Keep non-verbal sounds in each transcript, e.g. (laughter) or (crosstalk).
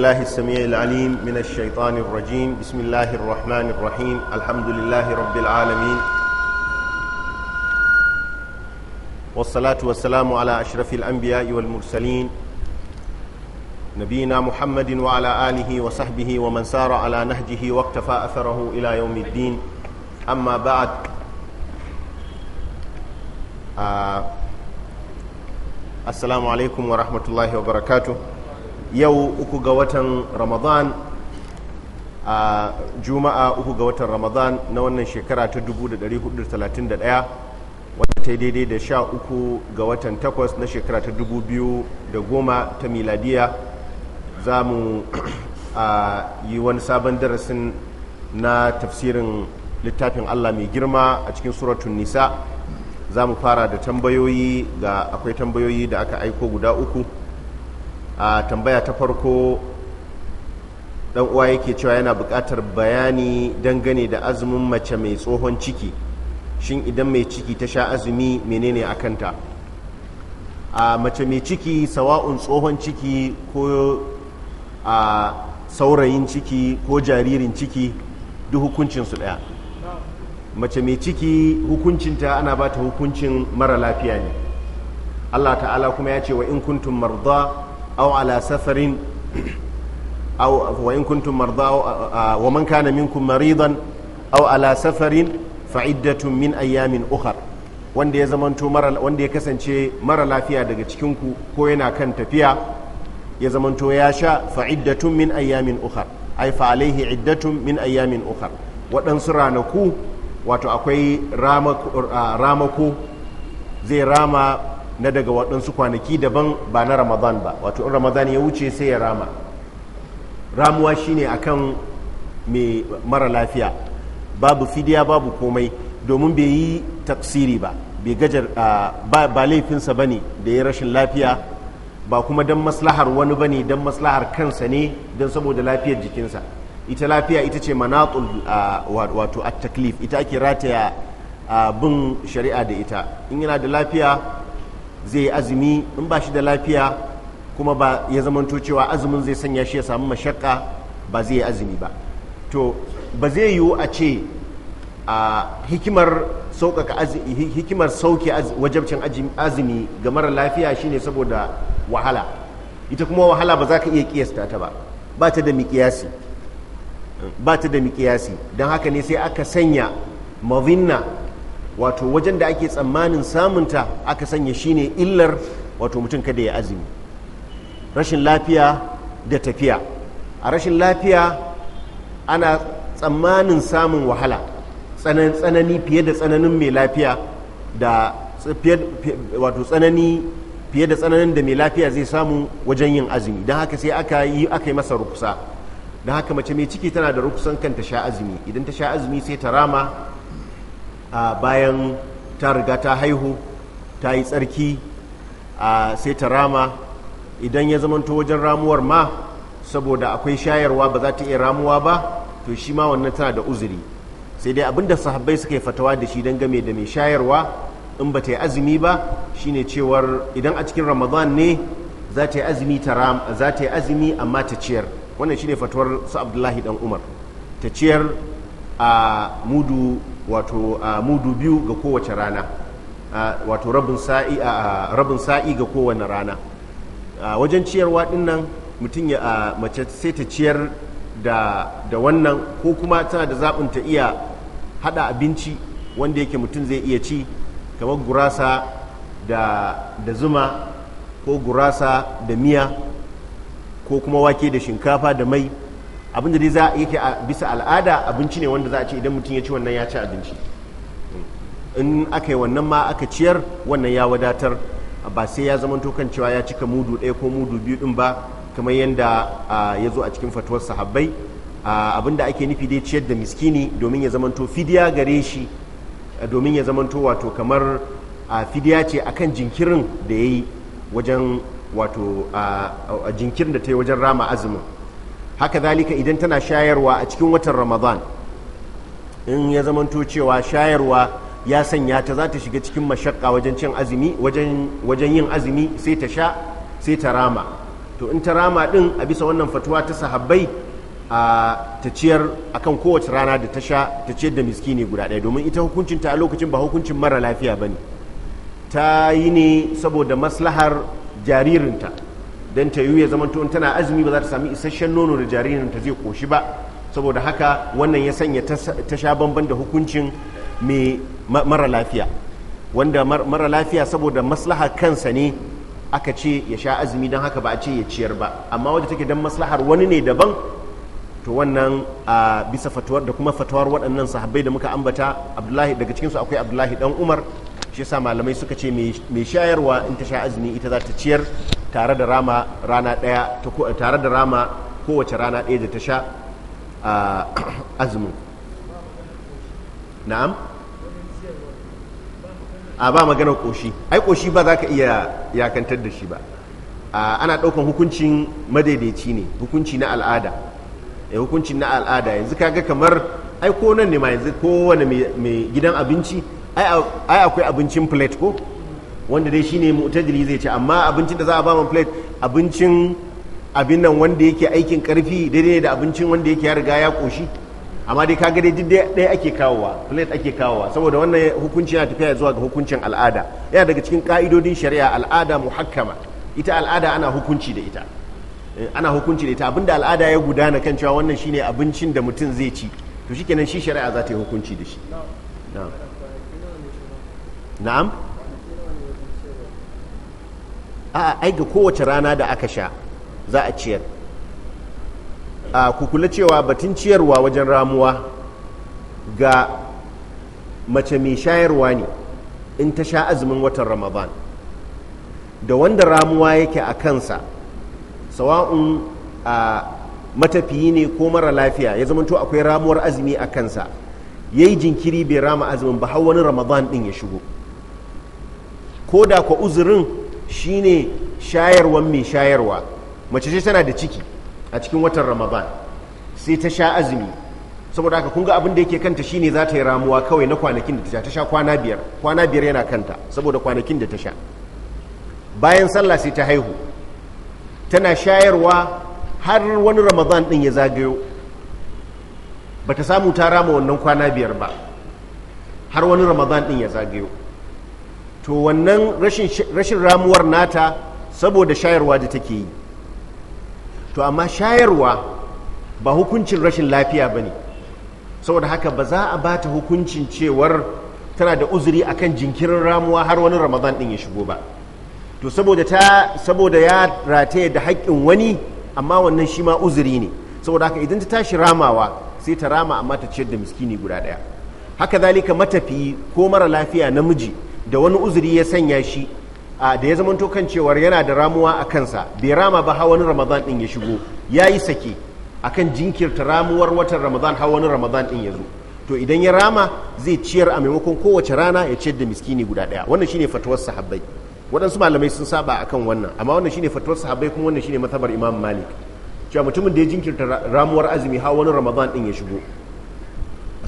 الله السميع العليم من الشيطان الرجيم بسم الله الرحمن الرحيم الحمد لله رب العالمين والصلاة والسلام على أشرف الأنبياء والمرسلين نبينا محمد وعلى آله وصحبه ومن سار على نهجه واقتفى أثره إلى يوم الدين أما بعد آه السلام عليكم ورحمة الله وبركاته yau uku ga watan ramadan a juma'a uku ga watan ramadan na wannan shekara ta 1431 wata ta yi daidai da sha uku ga watan takwas na shekara ta 2010 ta miladiya za mu (clears throat) yi wani sabon darasin na tafsirin littafin allah mai girma a cikin suratun nisa za mu fara da tambayoyi ga akwai tambayoyi da aka aiko guda uku a tambaya ta farko dan uwa yake cewa yana buƙatar bayani dangane da azumin mace mai tsohon ciki shin idan mai ciki ta sha azumi menene a kanta a mace mai ciki sawa'un tsohon ciki ko a saurayin ciki ko jaririn ciki duk hukuncinsu ɗaya mace mai ciki hukuncinta ana ba ta hukuncin mara lafiya ne allah ta'ala kuma ya ce wa in kuntum marda أو على سفر أو وإن كنتم مرضى ومن كان منكم مريضا أو على سفر فعدة من أيام أخر wanda ya zamanto wanda ya kasance mara lafiya daga cikinku ko yana kan tafiya ya zamanto ya sha fa'iddatun min ayyamin ukhar ai fa alaihi iddatun min ayyamin ukhar waɗansu ranaku wato akwai ramako zai rama na daga waɗansu kwanaki daban ba na ramadan ba wato in ramadan ya wuce sai ya rama ramuwa shine akan mai mara lafiya babu fidiya babu komai domin bai yi tafsiri ba bai gajar ba laifinsa ba ne da ya rashin lafiya ba kuma don maslahar wani ba ne don maslahar kansa ne don saboda lafiyar jikinsa ita lafiya ita ce manatul wato a taklif ita ake rataya bin shari'a da ita in yana da lafiya zai yi azumi in ba shi da lafiya kuma ba ya zamanto cewa azumin zai sanya shi ya samu mashakka ba zai yi azumi ba to ba zai yiwu a ce a hikimar sauƙaƙa hikimar sauke wajabcin azumi ga mara lafiya shine saboda wahala ita kuma wahala ba za ka iya kiyasta ta ba ba ta da miƙiyasi ba ta da miƙiyasi don haka ne sai aka sanya mavinna wato wajen da ake tsammanin samunta aka sanya shine illar wato mutum kada ya azumi rashin lafiya da tafiya a rashin lafiya ana tsammanin samun wahala tsanani fiye da tsananin mai lafiya da wato tsanani fiye da tsananin da mai lafiya zai samu wajen yin azumi don haka sai aka yi aka yi masa rukusa don haka mace mai ciki tana da rukusan kan ta sha azumi idan ta sha azumi sai ta rama a bayan ta riga ta haihu ta yi tsarki a sai ta rama idan ya zamanto wajen ramuwar ma saboda akwai shayarwa ba za ta iya ramuwa ba to shi ma wannan tana da uzuri sai dai abinda sahabbai suka yi fatawa da shi don game da mai shayarwa in ba ta yi azumi ba shine cewar idan a cikin ramadan ne za ta yi azumi ta ram za ta yi azumi amma ta ciyar wannan shine fatawar su abdullahi dan umar ta ciyar a mudu wato mudu biyu ga kowace rana wato rabin sa'i ga kowane rana wajen ciyarwa din nan mutum ya mace sai ta ciyar da wannan ko kuma tana da zaɓin ta iya hada abinci wanda yake mutum zai iya ci kamar gurasa da zuma ko gurasa da miya ko kuma wake da shinkafa da mai abinda dai za yake a bisa al'ada abinci ne wanda za a ce idan mutum ya ci wannan ya ci abinci in aka yi wannan ma aka ciyar wannan ya wadatar ba sai ya zama kan cewa ya cika mudu ɗaya ko mudu biyu ɗin ba kamar yadda ya zo a cikin fatuwar sahabbai abinda ake nufi dai ciyar da miskini domin ya zamanto fidiya gare shi domin ya zamanto wato kamar fidiya ce akan jinkirin da ya yi wajen wato jinkirin da ta yi wajen rama azumin haka zalika idan tana shayarwa a cikin watan ramadan in ya zamanto cewa shayarwa ya sanya ta za ta shiga cikin mashakka wajen cin azumi wajen yin azumi sai ta sha sai ta rama to in ta rama din a bisa wannan fatuwa ta sahabbai a ta ciyar akan kowace rana da ta sha ta ciyar da miski ne guda ɗaya domin ita hukuncinta a lokacin ba hukuncin mara lafiya ba ne ta yi ne saboda maslahar jaririnta don ta yiwu ya zama in tana azumi ba za ta sami isasshen nono da jaririn ta zai koshi ba saboda haka wannan ya sanya ta sha bamban da hukuncin mai mara lafiya wanda mara lafiya saboda maslaha kansa ne aka ce ya sha azumi don haka ba a ce ya ciyar ba amma wadda take don maslahar wani ne daban to wannan a bisa fatuwar da kuma fatuwar waɗannan sahabbai da muka ambata abdullahi daga cikinsu akwai abdullahi dan umar shi yasa malamai suka ce mai shayarwa in ta sha azumi ita za ta ciyar tare da rama rana daya tare da rama kowace rana daya da ta sha (clears throat) azumin na'am a ba maganar koshi ai koshi ba za ka iya yakantar da shi ba ana ɗaukan hukuncin madaidaici ne hukunci na al'ada eh, hukuncin na al'ada yanzu kaga kamar ai ko nan ne ma yanzu kowane mai gidan abinci ai akwai abincin plate ko wanda dai shine mu'tadili zai ce amma abincin da za a ba mu plate abincin abin nan wanda yake aikin karfi daidai da abincin wanda yake ya riga ya koshi amma dai kaga dai ɗaya ake kawowa plate ake kawowa saboda wannan hukunci yana tafiya zuwa ga hukuncin al'ada yana daga cikin ka'idodin shari'a al'ada muhakkama ita al'ada ana hukunci da ita eh, ana hukunci da ita abinda al'ada ya gudana kan cewa wannan shine abincin da mutum zai ci to shikenan shi shari'a za ta yi hukunci da shi na'am na'am a ai ga kowace rana da aka sha za a ciyar a kukula cewa batun ciyarwa wajen ramuwa ga mace mai shayarwa ne in ta sha azumin watan ramadan da wanda ramuwa yake a kansa sawa'un a matafiyi ne ko mara lafiya ya zamanto akwai ramuwar azumi a kansa ya yi jinkiri bai rama azumin ba har wani ramadan din ya shigo ko da kwa uzurin shine shayarwan mai shayarwa mace ce tana da ciki a cikin watan ramadan sai ta sha azumi saboda haka kun ga abin da yake kanta shine za ta yi ramuwa kawai na kwanakin da ta sha ta sha kwana biyar kwana biyar yana kanta saboda kwanakin da ta sha bayan sallah sai ta haihu tana shayarwa har wani ramadan din ya zagayo ba ta samu ta rama wannan kwana biyar ba har wani ramadan din ya zagayo to wannan rashin ramuwar nata saboda shayarwa da take yi to amma shayarwa ba hukuncin rashin lafiya ba ne saboda haka ba za a ba ta hukuncin cewar tana da uzuri akan jinkirin ramuwa har wani ramadan din ya shigo ba to saboda ta saboda ya rataye da haƙƙin wani amma wannan shi ma uzuri ne saboda haka idan ta tashi ramawa sai ta rama amma ta ciyar da miskini guda ɗaya haka zalika matafi ko mara lafiya namiji da wani uzuri ya sanya shi da ya zama kan cewar yana da ramuwa a kansa bai rama ba wani ramadan din ya shigo ya yi sake akan jinkirta ramuwar watan ramadan wani ramadan din ya zo to idan ya rama zai ciyar a maimakon kowace rana ya ciyar da miskini guda daya wannan shine fatuwar sahabbai waɗansu malamai sun saba akan wannan amma wannan shine fatuwar sahabbai kuma wannan shine matabar imam malik cewa mutumin da ya jinkirta ramuwar azumi wani ramadan din ya shigo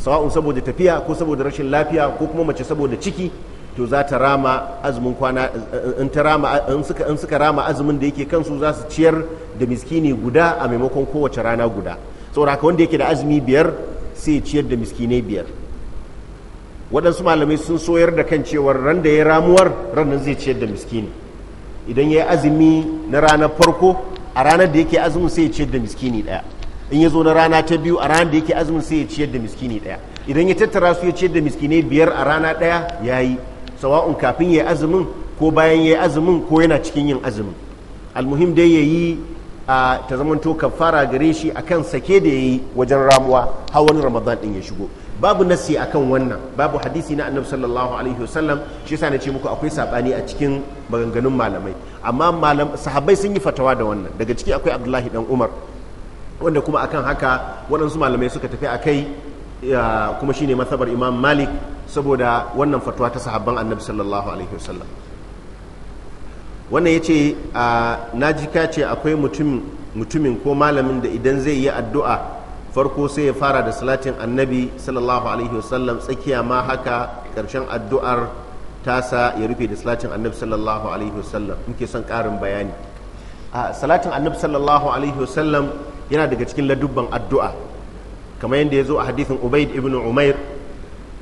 sawa'un saboda tafiya ko saboda rashin lafiya ko kuma mace saboda ciki to za ta rama azumin kwana in ta rama in suka in suka rama azumin da yake kansu za su ciyar da miskini guda a maimakon kowace rana guda saboda haka wanda yake da azumi biyar sai ciyar da miskinai biyar waɗansu malamai sun soyar da kan cewar ran da ya ramuwar ranar zai ciyar da miskini idan ya yi azumi na ranar farko a ranar da yake azumin sai ya ciyar da miskini ɗaya in ya zo na rana ta biyu a ranar da yake azumin sai ya ciyar da miskini ɗaya idan ya tattara su ya ciyar da miskinai biyar a rana ɗaya ya yi sawa'un kafin ya azumin ko bayan ya azumin ko yana cikin yin azumin almuhim dai ya yi ta zamanto kafara gare shi akan sake da ya yi wajen ramuwa har wani ramadan din ya shigo babu nasi akan wannan babu hadisi na annabi sallallahu alaihi wasallam shi yasa ce muku akwai sabani a cikin maganganun malamai amma malam sahabbai sun yi fatawa da wannan daga ciki akwai abdullahi dan umar wanda kuma akan haka waɗansu malamai suka tafi a kai kuma shine masabar imam malik saboda wannan fatuwa ta sahabban annabi sallallahu alaihi wasallam wannan ya ce na ji ka ce akwai mutumin ko malamin da idan zai yi addu'a farko sai ya fara da salatin annabi sallallahu alaihi wasallam tsakiya ma haka ƙarshen addu'ar tasa ya rufe da salatin annabi sallallahu alaihi wasallam muke son ƙarin bayani salatin annabi sallallahu alaihi wasallam yana daga cikin ladubban addu'a kamar yadda ya zo a hadithin ubaid ibn umair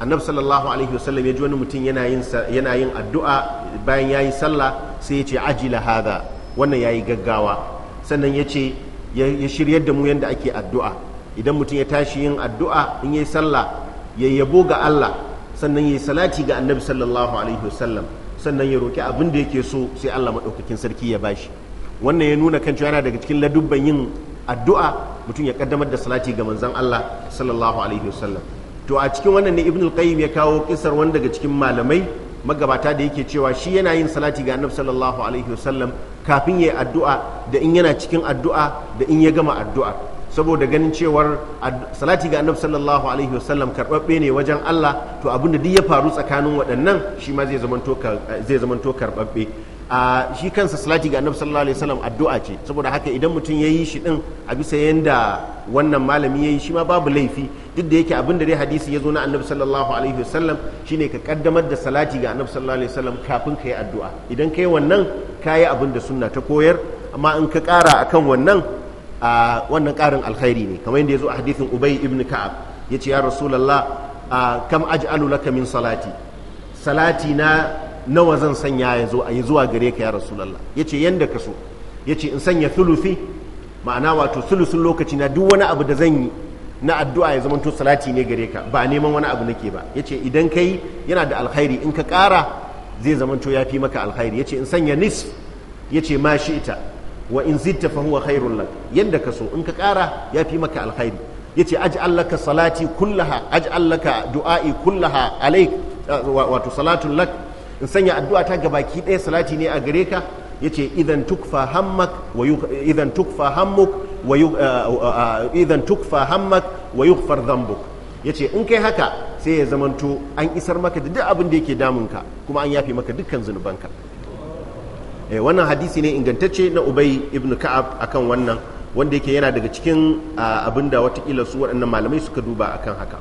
annabi sallallahu alaihi wasallam ya ji wani mutum yana yin addu'a bayan ya yi sallah sai ya ce ajila hada wannan ya yi gaggawa sannan ya ce ya shiryar da mu yadda ake addu'a idan mutum ya tashi yin addu'a in ya yi sallah ya yabo ga Allah sannan ya yi salati ga annabi sallallahu alaihi wasallam sannan ya roki abin da yake so sai Allah maɗaukakin sarki ya bashi wannan ya nuna kan cewa yana daga cikin ladubban yin addu'a mutum ya ƙaddamar da salati ga manzon Allah sallallahu alaihi wasallam to a cikin wannan ne ibn al-qayyim ya kawo kisar wani daga cikin malamai magabata da yake cewa shi yana yin salati ga annabi sallallahu alaihi wasallam kafin yayi addu'a da in yana cikin addu'a da in ya gama addu'a saboda ganin cewar salati ga annabi sallallahu alaihi wasallam karbabbe ne wajen Allah to abinda duk ya faru tsakanin waɗannan shi ma zai zamanto zai zamanto karbabbe a shi kansa salati ga annabi sallallahu alaihi wasallam addu'a ce saboda haka idan mutum ya yi shi din a bisa yanda wannan malami ya yi shi ma babu laifi duk da yake abin da dai hadisi ya zo na annabi sallallahu alaihi wasallam shine ka kaddamar da salati ga annabi sallallahu alaihi wasallam kafin ka yi addu'a idan ka yi wannan ka yi abin da sunna ta koyar amma in ka kara akan wannan a wannan karin alkhairi ne kamar yadda ya zo a hadisin ubay ibn ka'ab ya ce ya rasulullah kam aj'alu laka min salati salati na nawa zan sanya ya zo a yi zuwa gare ka ya rasulallah ya ce yadda ka so ya ce in sanya thuluthi ma'ana wato thuluthin lokaci na duk wani abu da zan yi na addu'a ya zamanto salati ne gare ka ba neman wani abu nake ba ya ce idan ka yi yana da alkhairi in ka ƙara zai zamanto ya fi maka alkhairi ya ce in sanya nisf ya ce ma shi ita wa in zitta fa huwa khairun lak yadda ka so in ka ƙara ya fi maka alkhairi ya ce aj'al laka salati kullaha aj'al laka du'a'i kullaha alaik wato salatun lak in sanya addu'a ta gabaki ɗaya salati ne a gare ka yace idan tukfa hammak wa idan tukfa hammuk wa eh, eh, eh, idan yace in kai haka sai ya zamanto an isar maka da duk abin da yake damunka kuma an yafi maka dukkan zunubanka eh wannan hadisi ne ingantacce na ubai ibn Ka'ab akan wannan wanda yake yana daga cikin ah, abinda watakila su waɗannan malamai suka duba akan haka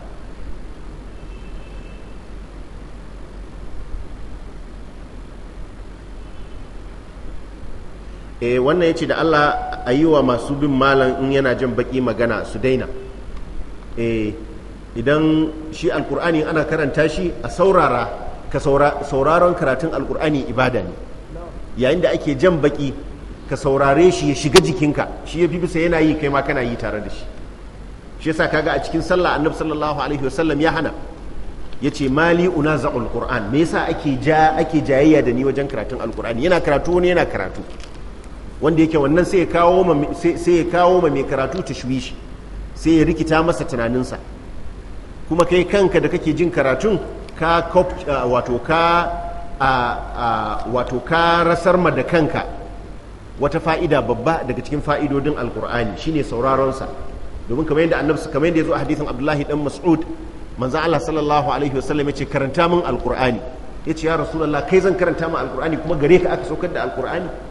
eh wannan ce da Allah a yi wa masu bin malam in yana jan baki magana su daina eh idan shi alkur'ani ana karanta shi a saurara ka sauraron karatun alkur'ani ibada ne yayin da ake jan baki ka saurare shi ya shiga jikinka shi ya fi bisa yana yi kai ma kana yi tare da shi shi yasa kaga a cikin sallah annabi sallallahu alaihi wasallam ya hana ya ce mali unaza'ul qur'an me yasa ake ja ake jayayya da ni wajen karatun alqur'ani yana karatu wani yana karatu wanda yake wannan sai ya kawo ma mai karatu ta tashwishi sai ya rikita masa tunaninsa kuma kai kanka da kake jin karatun ka wato ka rasar ma da kanka wata fa'ida babba daga cikin fa'idodin alkur'ani shine sauraronsa domin kamar yadda annabi kamar yadda ya zo a hadisin abdullahi dan mas'ud manzan Allah sallallahu alaihi wasallam ya ce karanta min alkur'ani ya ce ya rasulullah kai zan karanta min alkur'ani kuma gare ka aka saukar da alkur'ani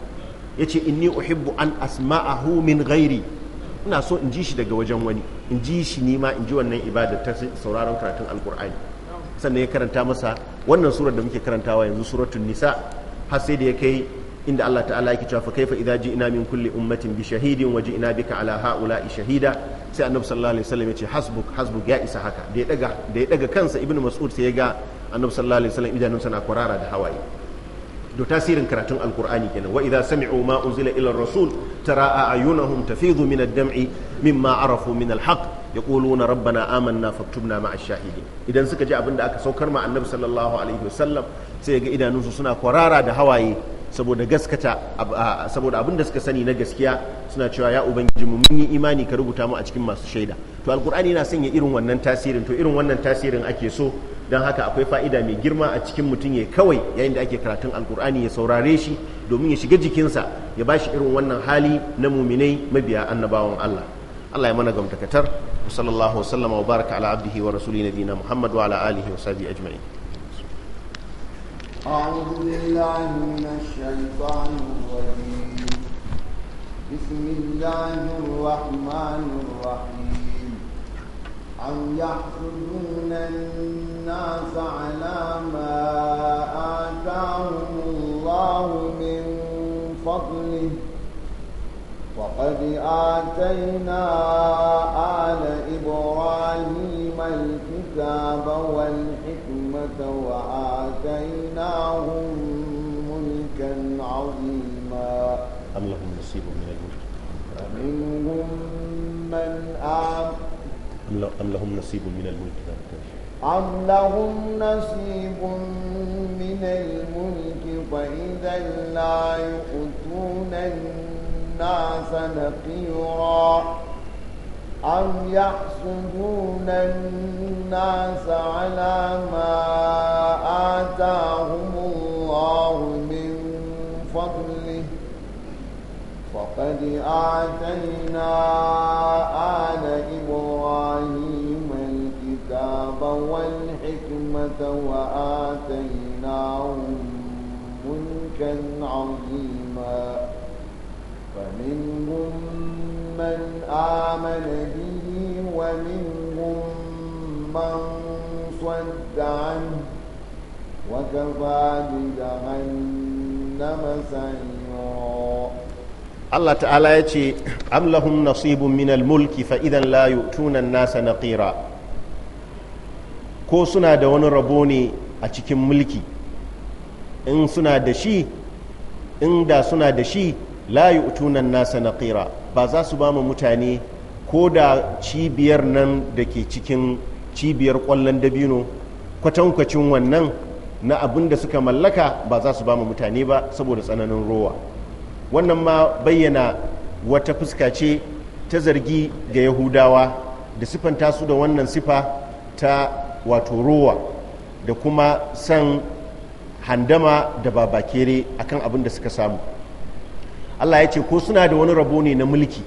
ya yace inni uhibbu an asma'ahu min ghairi ina so in ji shi daga wajen wani in ji shi ni ma in ji wannan ibada ta sauraron karatun alkur'ani sannan ya karanta masa wannan surar da muke karantawa yanzu suratun nisa har sai da ya kai inda Allah ta'ala yake cewa fa kaifa idza ji'na min kulli ummatin bi shahidin wa ji'na bika ala ha'ula'i shahida sai annabi sallallahu alaihi wasallam ya ce hasbuk hasbuk ya isa haka da ya daga da ya daga kansa ibnu mas'ud sai ya ga annabi sallallahu alaihi wasallam idanunsa na kwarara da hawaye to tasirin karatun alkur'ani kenan wa idza sami'u ma unzila ila rasul tara a'yunahum tafidu min ad-dam'i mimma arafu min al-haq yaquluna rabbana amanna faktubna ma'a ash-shahidin idan suka ji abin da aka saukar ma annabi sallallahu alaihi wasallam sai ga idanunsu suna kwarara da hawaye saboda gaskata saboda abin da suka sani na gaskiya suna cewa ya ubangiji mu mun yi imani ka rubuta mu a cikin masu shaida to alkur'ani yana sanya irin wannan tasirin to irin wannan tasirin ake so don haka akwai fa'ida mai girma a cikin mutum ya kawai yayin da ake karatun alkur'ani ya saurare shi domin ya shiga jikinsa ya ba shi irin wannan hali na muminai mabiya annabawan Allah Allah ya mana gamtakatar wa sallallahu wa sallama wa baraka ala abdihi wa rasuli nabiyina Muhammad wa ala alihi wa sahbihi ajma'in أعوذ بالله من الشيطان الرجيم بسم الله الرحمن الرحيم أم يحسدون الناس على ما آتاهم الله من فضله وقد آتينا آل إبراهيم الكتاب والحكمة وآتيناهم ملكا عظيما أم لهم نصيب من الملك فمنهم من آمن أم لهم نصيب من الملك أم لهم نصيب من الملك فإذا لا يؤتون الناس نقيرا أم يحسدون الناس على ما آتاهم الله من فضله فقد آتينا آل إبراهيم الكتاب والحكمة وآتيناهم ملكا عظيما فمنهم من آمن به ومنهم من صد عنه وكفى بجهنم سعيرا الله تعالى يتي أم لهم نصيب من الملك فإذا لا يؤتون الناس نقيرا ko suna da wani rabo ne a cikin mulki in suna da shi inda suna da shi la utunan nasa na naqira ba za su ba mu mutane ko da cibiyar nan da ke cikin cibiyar kwallon dabino kwatankwacin wannan na abin da suka mallaka ba za su ba mu mutane ba saboda tsananin rowa wannan ma bayyana wata fuska ce ta zargi ga yahudawa da siffanta su da wannan sifa ta wato ruwa da kuma san handama da babakere akan abin da suka samu Allah ya ce ko suna da wani rabo ne na mulki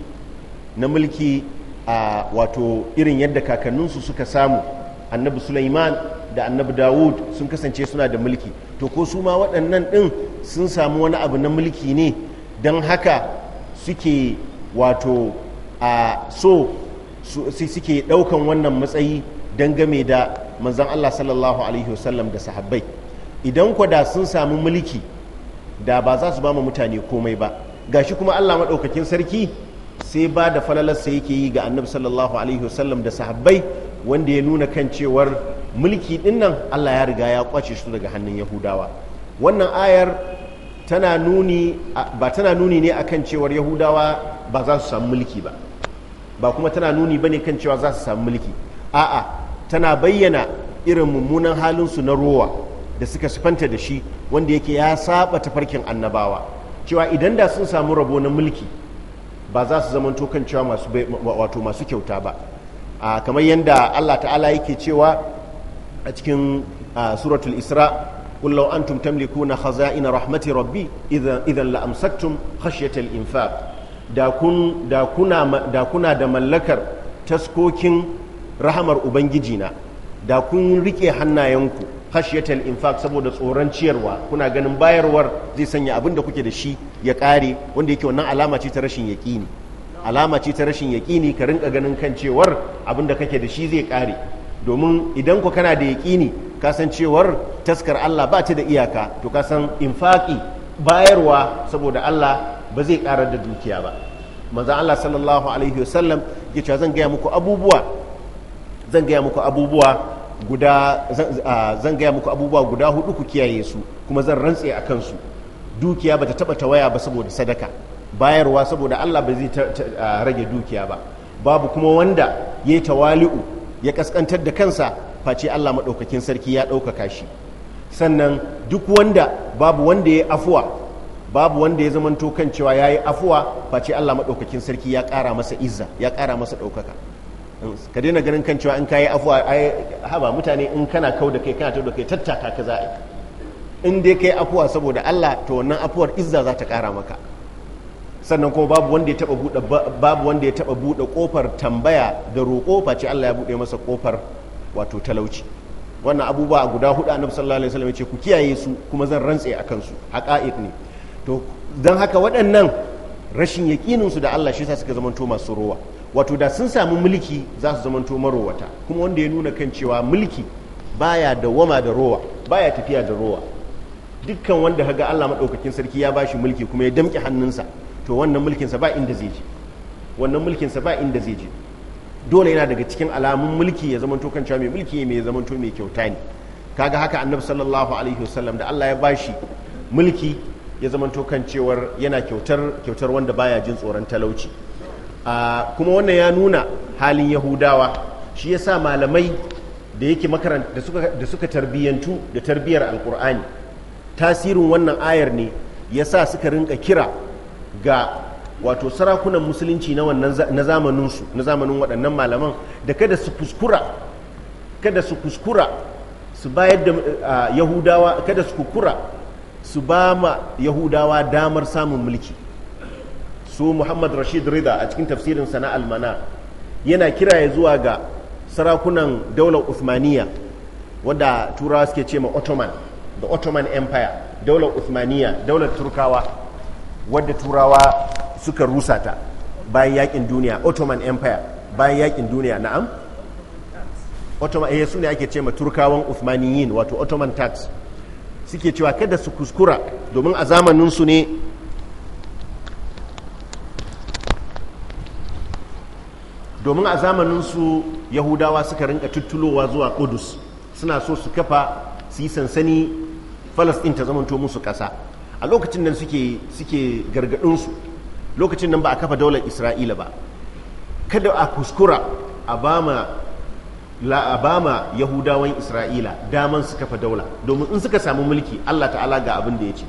na mulki a wato irin yadda kakanninsu suka samu annabi Sulaiman da annabi Dawud sun kasance suna da mulki to ko su ma waɗannan ɗin sun samu wani abu na mulki ne don haka suke wato a so suke ɗaukan wannan matsayi don game da Manzan Allah sallallahu alaihi wasallam da sahabbai idan ku da sun samu mulki da ba za su ba mu mutane komai ba ga shi kuma Allah maɗaukakin sarki sai ba da falalarsa yake yi ga annabi sallallahu alaihi wasallam da sahabbai wanda ya nuna kan cewar mulki dinnan Allah ya riga ya kwace su daga hannun Yahudawa wannan ayar tana nuni ba tana nuni ne akan cewar Yahudawa ba za su samu mulki ba ba kuma tana nuni bane kan cewa za su samu mulki a'a tana bayyana irin mummunan halinsu na rowa da suka sifanta da shi wanda yake ya saba tafarkin annabawa cewa idan da sun samu rabo na mulki ba za su zama kan cewa masu wato masu kyauta ba kamar yadda Allah ta'ala yake cewa a cikin suratul isra kullum an أنتم تملكون na haza ina rahmati إذا idan la'amsattun الإنفاق da kuna da mallakar taskokin rahamar ubangijina da kun rike hannayenku in infaq saboda tsoron ciyarwa kuna ganin bayarwar zai sanya abin da kuke da shi ya kare wanda yake wannan alama ce ta rashin yaƙini alama ce ta rashin yaƙini ka rinka ganin kan cewar abin da kake da shi zai kare domin idan ku kana da yaƙini ka san cewar taskar Allah ba ta da iyaka to ka san infaqi bayarwa saboda Allah ba zai karar da dukiya ba manzon Allah sallallahu alaihi wasallam ya zan gaya muku abubuwa zan gaya muku abubuwa guda zan gaya muku abubuwa guda hudu ku kiyaye su kuma zan rantse a kansu dukiya bata taba tawaya ba saboda sadaka bayarwa saboda Allah ba zai rage dukiya ba babu kuma wanda yayi tawali'u ya kaskantar da kansa face Allah madaukakin sarki ya ɗaukaka shi sannan duk wanda babu wanda ya afuwa babu wanda ya zamanto kan cewa yayi afuwa face Allah maɗaukakin sarki ya ƙara masa izza ya ƙara masa ɗaukaka ka daina ganin kan cewa in kayi afuwa ai haba mutane in kana kau da kai kana tau kai tattaka ka za'i in dai kai afuwa saboda Allah to wannan afuwar izza za ta kara maka sannan kuma babu wanda ya taba bude babu wanda ya taba bude kofar tambaya da roƙo face Allah ya bude masa kofar wato talauci wannan abubuwa a guda hudu annabi sallallahu alaihi wasallam ya ce ku kiyaye su kuma zan rantse akan su haqa'iq ne to dan haka waɗannan rashin yaqinin su da Allah shi yasa suka zama to masu rowa wato da sun samu mulki za su zamanto marowata kuma wanda ya nuna kan cewa mulki baya da wama da rowa baya tafiya da rowa dukkan wanda haga Allah maɗaukakin sarki ya bashi mulki kuma ya damƙe hannunsa to wannan mulkinsa ba inda zai je wannan mulkinsa ba inda zai je dole yana daga cikin alamun mulki ya zamanto kan cewa mai mulki mai zama zamanto mai kyauta ne kaga haka annabi sallallahu alaihi wasallam da Allah ya bashi mulki ya zamanto kan cewar yana kyautar kyautar wanda baya jin tsoron talauci kuma wannan ya nuna halin yahudawa shi ya sa malamai da yake makaranta da suka tarbiyyantu da tarbiyyar alkur'ani tasirin wannan ayar ne ya sa suka rinka kira ga wato sarakunan musulunci na wannan zamanin waɗannan malaman da kada su kuskura kada su kuskura su bayar da yahudawa kada su kukura su ba ma yahudawa damar samun mulki su muhammad rashid rida a cikin tafsirin sana almana yana kira ya zuwa ga sarakunan daular usmaniya wadda turawa suke ce ma ottoman the ottoman empire daular usmaniya daular turkawa wadda turawa suka rusa ta bayan yakin duniya ottoman empire bayan yakin duniya na'am ottoman eh su ne ake ce ma turkawan usmaniyin wato ottoman tax suke cewa kada su kuskura domin a zamaninsu ne domin a zamaninsu yahudawa suka rinka tuttulowa zuwa kudus suna so su kafa su yi sansani falastin ta zamanto musu ƙasa a lokacin nan suke suke gargaɗinsu lokacin nan ba a kafa daular isra'ila ba kada a kuskura a ba ma yahudawan isra'ila daman su kafa daula domin in suka samu mulki allah ta'ala ga abin da ya ce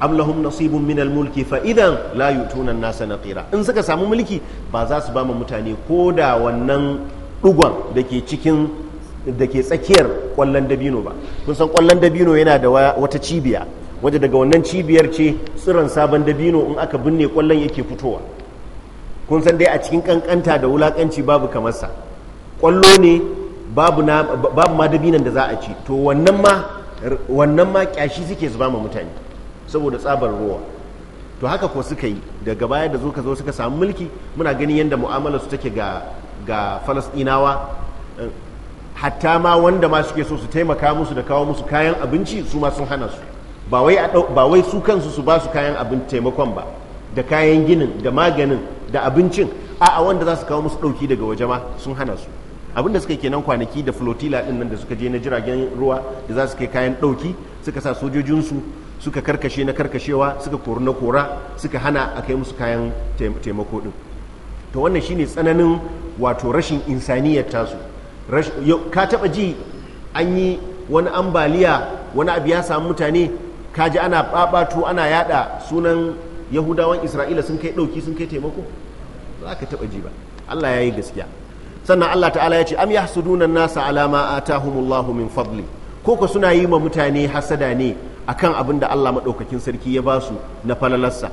am lahum nasibun min mulki fa idan la yutuna nasa naqira in suka samu mulki ba za su ba mu mutane ko da wannan dugon da ke cikin da tsakiyar kwallon dabino ba kun san kwallon dabino yana da wata cibiya wanda daga wannan cibiyar ce tsiron sabon dabino in aka binne kwallon yake fitowa kun san dai a cikin kankanta da wulakanci babu kamar sa kwallo ne babu ma dabinan da za a ci to wannan ma wannan ma kyashi suke zuba ma mutane saboda tsabar ruwa to haka ko suka yi daga baya da zo ka zo suka samu mulki muna gani yadda mu'amala su take ga ga falastinawa hatta ma wanda ma suke so su taimaka musu da kawo musu kayan abinci su ma sun hana su ba wai su kansu su ba su kayan abin taimakon ba da kayan ginin da maganin da abincin a'a wanda za su kawo musu ɗauki daga waje ma sun hana su abin da suka kenan kwanaki da flotilla din nan da suka je na jiragen ruwa da za su kai kayan ɗauki suka sa sojojinsu suka karkashe na karkashewa suka kori na kora suka hana a kai musu kayan taimako din to wannan shine tsananin wato rashin insaniyar tasu ka taba ji an yi wani ambaliya wani abu ya samu mutane ka ji ana babato ana yada sunan yahudawan isra'ila sun kai dauki sun kai taimako za ka taba ji ba allah ya yi gaskiya sannan allah ta'ala ya ce am yahsuduna nasa alama atahumullahu min fadli koko suna yi ma mutane hasada ne akan abin da Allah maɗaukakin sarki ya ba su na falalarsa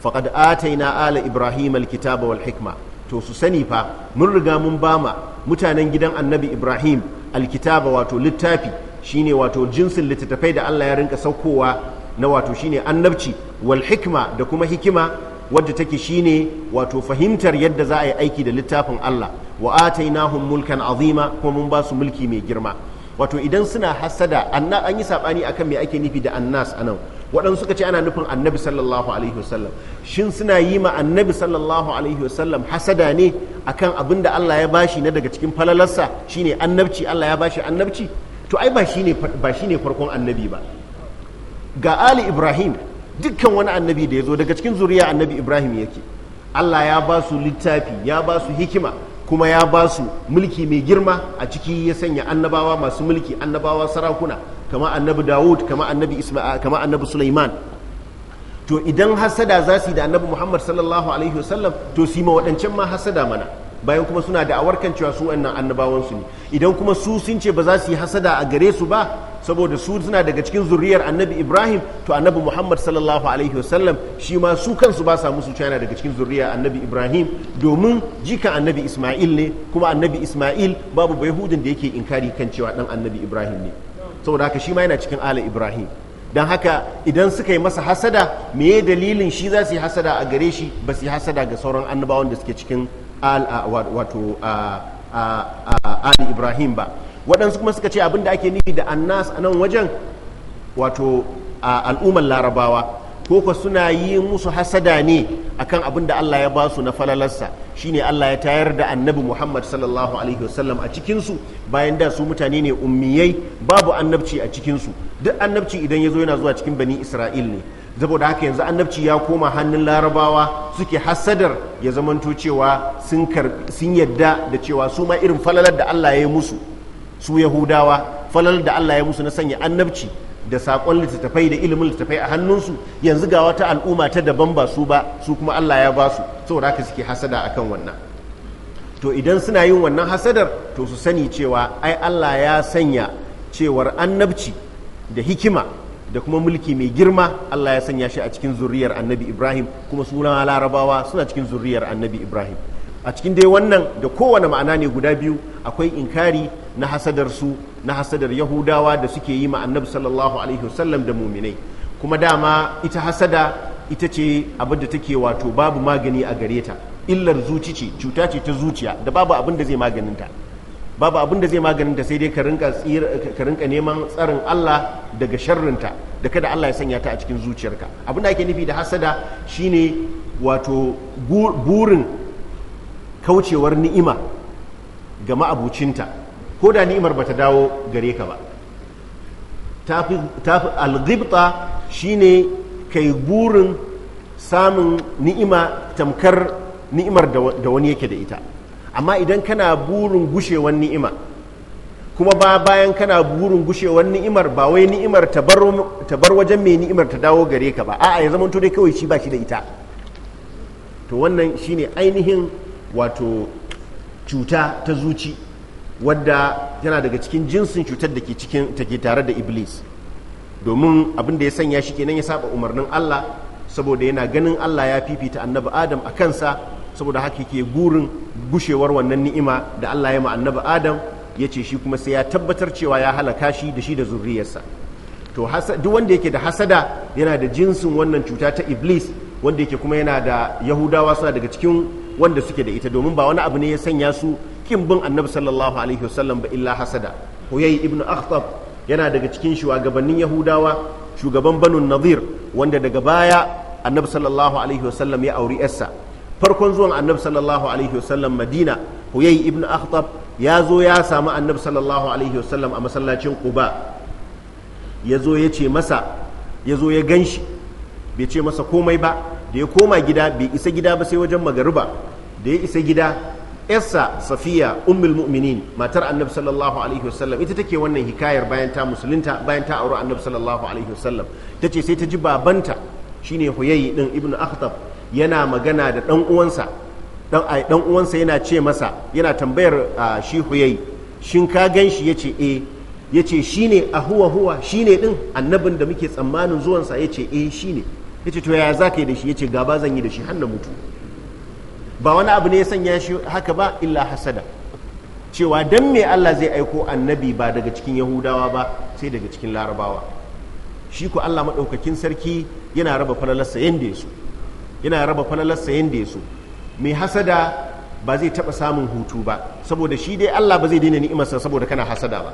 faqad ataina ala ibrahim alkitaba wal hikma to su sani fa mun riga mun ba ma mutanen gidan annabi ibrahim alkitaba wato littafi shine wato jinsin littattafai da Allah ya rinka saukowa na wato shine annabci wal hikma da kuma hikima wadda take shine wato fahimtar yadda za a yi aiki da littafin Allah wa atainahum mulkan azima kuma mun ba su mulki mai girma wato idan suna hasada anna an yi sabani akan me ake nufi da annas anan waɗansu suka ce ana nufin annabi sallallahu alaihi wasallam shin suna yi ma annabi sallallahu alaihi wasallam hasada ne akan abin da Allah ya bashi na daga cikin falalarsa shine annabci Allah ya bashi annabci to ai ba shine ba farkon annabi ba ga ali ibrahim dukkan wani annabi da ya zo daga cikin zuriya annabi ibrahim yake Allah ya ba su littafi ya ba su hikima kuma ya ba su mulki mai girma a ciki ya sanya annabawa masu mulki annabawa sarakuna kama annabi dawud kama annabi Isma'il kama annabi sulaiman to idan hasada za su yi da annabi muhammad sallallahu alaihi wasallam to su ma waɗancan ma hasada mana bayan kuma suna da awarkan cewa su wannan annabawansu ne idan kuma su sun ce ba za su yi hasada a gare su ba saboda su suna daga cikin zuriyar annabi ibrahim to annabi muhammad sallallahu alaihi wasallam shi ma su kansu ba sa musu cana daga cikin zuriyar annabi ibrahim domin jika annabi isma'il ne kuma annabi isma'il babu bayahudin da yake inkari kan cewa dan annabi ibrahim ne saboda haka shi ma yana cikin ala ibrahim Dan haka idan suka yi masa hasada meye dalilin shi za su yi hasada a gare shi ba su yi hasada ga sauran annabawan da suke cikin al wato ali ibrahim ba waɗansu kuma suka ce abinda ake nufi da annas a nan wajen wato a al'ummar larabawa ko suna yi musu hasada ne akan abin da Allah ya ba su na falalarsa shine Allah ya tayar da annabi Muhammad sallallahu alaihi wasallam a cikinsu bayan da su mutane ne ummiyai babu annabci a cikinsu duk annabci idan ya zo yana zuwa cikin bani Isra'il ne saboda haka yanzu annabci ya koma hannun larabawa suke hasadar ya zamanto cewa sun yadda da cewa su ma irin falalar da Allah ya yi musu su yahudawa falal da Allah ya musu na sanya annabci da saƙon littattafai da ilimin littattafai a hannunsu yanzu ga wata al'umma ta daban ba su ba su kuma Allah ya ba su saboda haka suke hasada akan wannan to idan suna yin wannan hasadar to su sani cewa ai Allah ya sanya cewar annabci da hikima da kuma mulki mai girma Allah ya sanya shi a cikin zuriyar annabi Ibrahim kuma suna larabawa suna cikin zuriyar annabi Ibrahim a cikin dai wannan da kowane ma'ana ne guda biyu akwai inkari na hasadar su na hasadar yahudawa da suke yi ma annabi sallallahu alaihi wasallam da muminai kuma dama ita hasada ita ce abin da take wato babu magani a gare ta illar zuci ce cuta ce ta zuciya da babu abin da zai maganinta babu abin da zai maganinta sai dai ka rinka neman tsarin Allah daga sharrinta da kada Allah ya sanya ta a cikin zuciyarka abin da ake nufi da hasada shine wato burin kaucewar ni'ima ga ma'abucinta ko da ni'imar bata dawo gare ka ba tafi alghibta shine kai burin samun ni'ima tamkar ni'imar da wani yake da ita amma idan kana burin gushewar ni'ima kuma ba bayan kana burin gushewar ni'imar ba wai ni'imar ta bar wajen mai ni'imar ta dawo gare ka ba a'a ya zama to dai kawai shi ba shi da ita to wannan shine ainihin wato cuta ta zuci wadda yana daga cikin jinsin cutar da ke cikin take tare da iblis domin abin da ya sanya shi kenan ya saba umarnin Allah saboda yana ganin Allah ya fifita annabi Adam a kansa saboda haka yake gurin gushewar wannan ni'ima da Allah ya ma annabi Adam ya ce shi kuma sai ya tabbatar cewa ya halaka shi da shi da zurriyarsa to duk wanda yake da hasada yana da jinsin wannan cuta ta iblis wanda yake kuma yana da yahudawa suna daga cikin wanda suke da ita domin ba wani abu ne ya sanya su kin bin annabi sallallahu alaihi wasallam ba illa hasada huyai ibn akhtab yana daga cikin shugabannin yahudawa shugaban banu nadir wanda daga baya annabi sallallahu alaihi wasallam ya auri yarsa farkon zuwan annabi sallallahu alaihi wasallam madina huyai ibn akhtab ya zo ya samu annabi sallallahu alaihi wasallam a masallacin quba ya zo ya ce masa ya zo ya ganshi bai ce masa komai ba da ya koma gida bai isa gida ba sai wajen magariba da ya isa gida yarsa safiya ummul mu'minin matar annabi sallallahu alaihi wasallam ita take wannan hikayar bayan ta musulunta bayan ta auri annabi sallallahu alaihi wasallam tace sai ta ji babanta shine huyayi din ibnu akhtab yana magana da dan uwansa dan ai dan uwansa yana ce masa yana tambayar shi huyayi shin ka ganshi yace eh yace shine a huwa huwa shine din annabin da muke tsammanin zuwansa yace eh shine yace to ya zaka yi da shi yace gaba zan yi da shi har na mutu ba wani abu ne ya sanya shi haka ba illa hasada cewa don me Allah zai aiko annabi ba daga cikin yahudawa ba sai daga cikin larabawa shi ku Allah maɗaukakin sarki yana raba falalarsa yadda ya so yana raba falalarsa yadda ya so mai hasada ba zai taɓa samun hutu ba saboda shi dai Allah ba zai daina ni'imarsa saboda kana hasada ba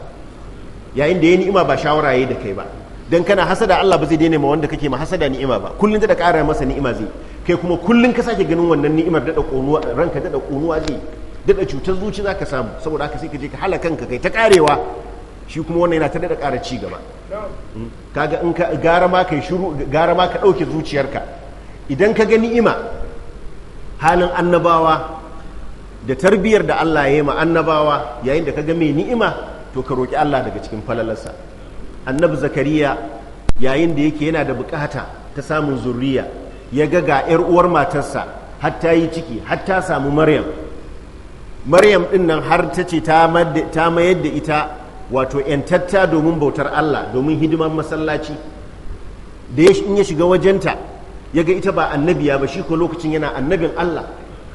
yayin da ya ni'ima ba shawara ya yi da kai ba don kana hasada Allah ba zai daina ma wanda kake ma hasada ni'ima ba kullun da ƙara masa ni'ima zai kai kuma kullum ka sake ganin wannan ni'imar da ƙonuwa ranka daɗa ƙonuwa zai daɗa cutar zuci za ka samu saboda haka sai ka je ka hala kanka kai ta ƙarewa shi kuma wannan yana ta daɗa ƙara ci gaba mm. kaga in ka gara ma kai shiru gara ma ka ɗauke zuciyarka idan ka ga ni'ima halin annabawa da tarbiyyar da Allah ya yi ma annabawa yayin da ka ga mai ni'ima to ka roki Allah daga cikin falalarsa annabi zakariya yayin da yake yana da bukata ta samun zurriya ya ga ga 'yar uwar matarsa hatta yi ciki hatta samu maryam maryam ɗin nan har ta ce ta mayar da ita wato 'yantatta domin bautar allah domin hidimar masallaci da in ya shiga wajenta ya ga ita ba annabiya ba shi ko lokacin yana annabin allah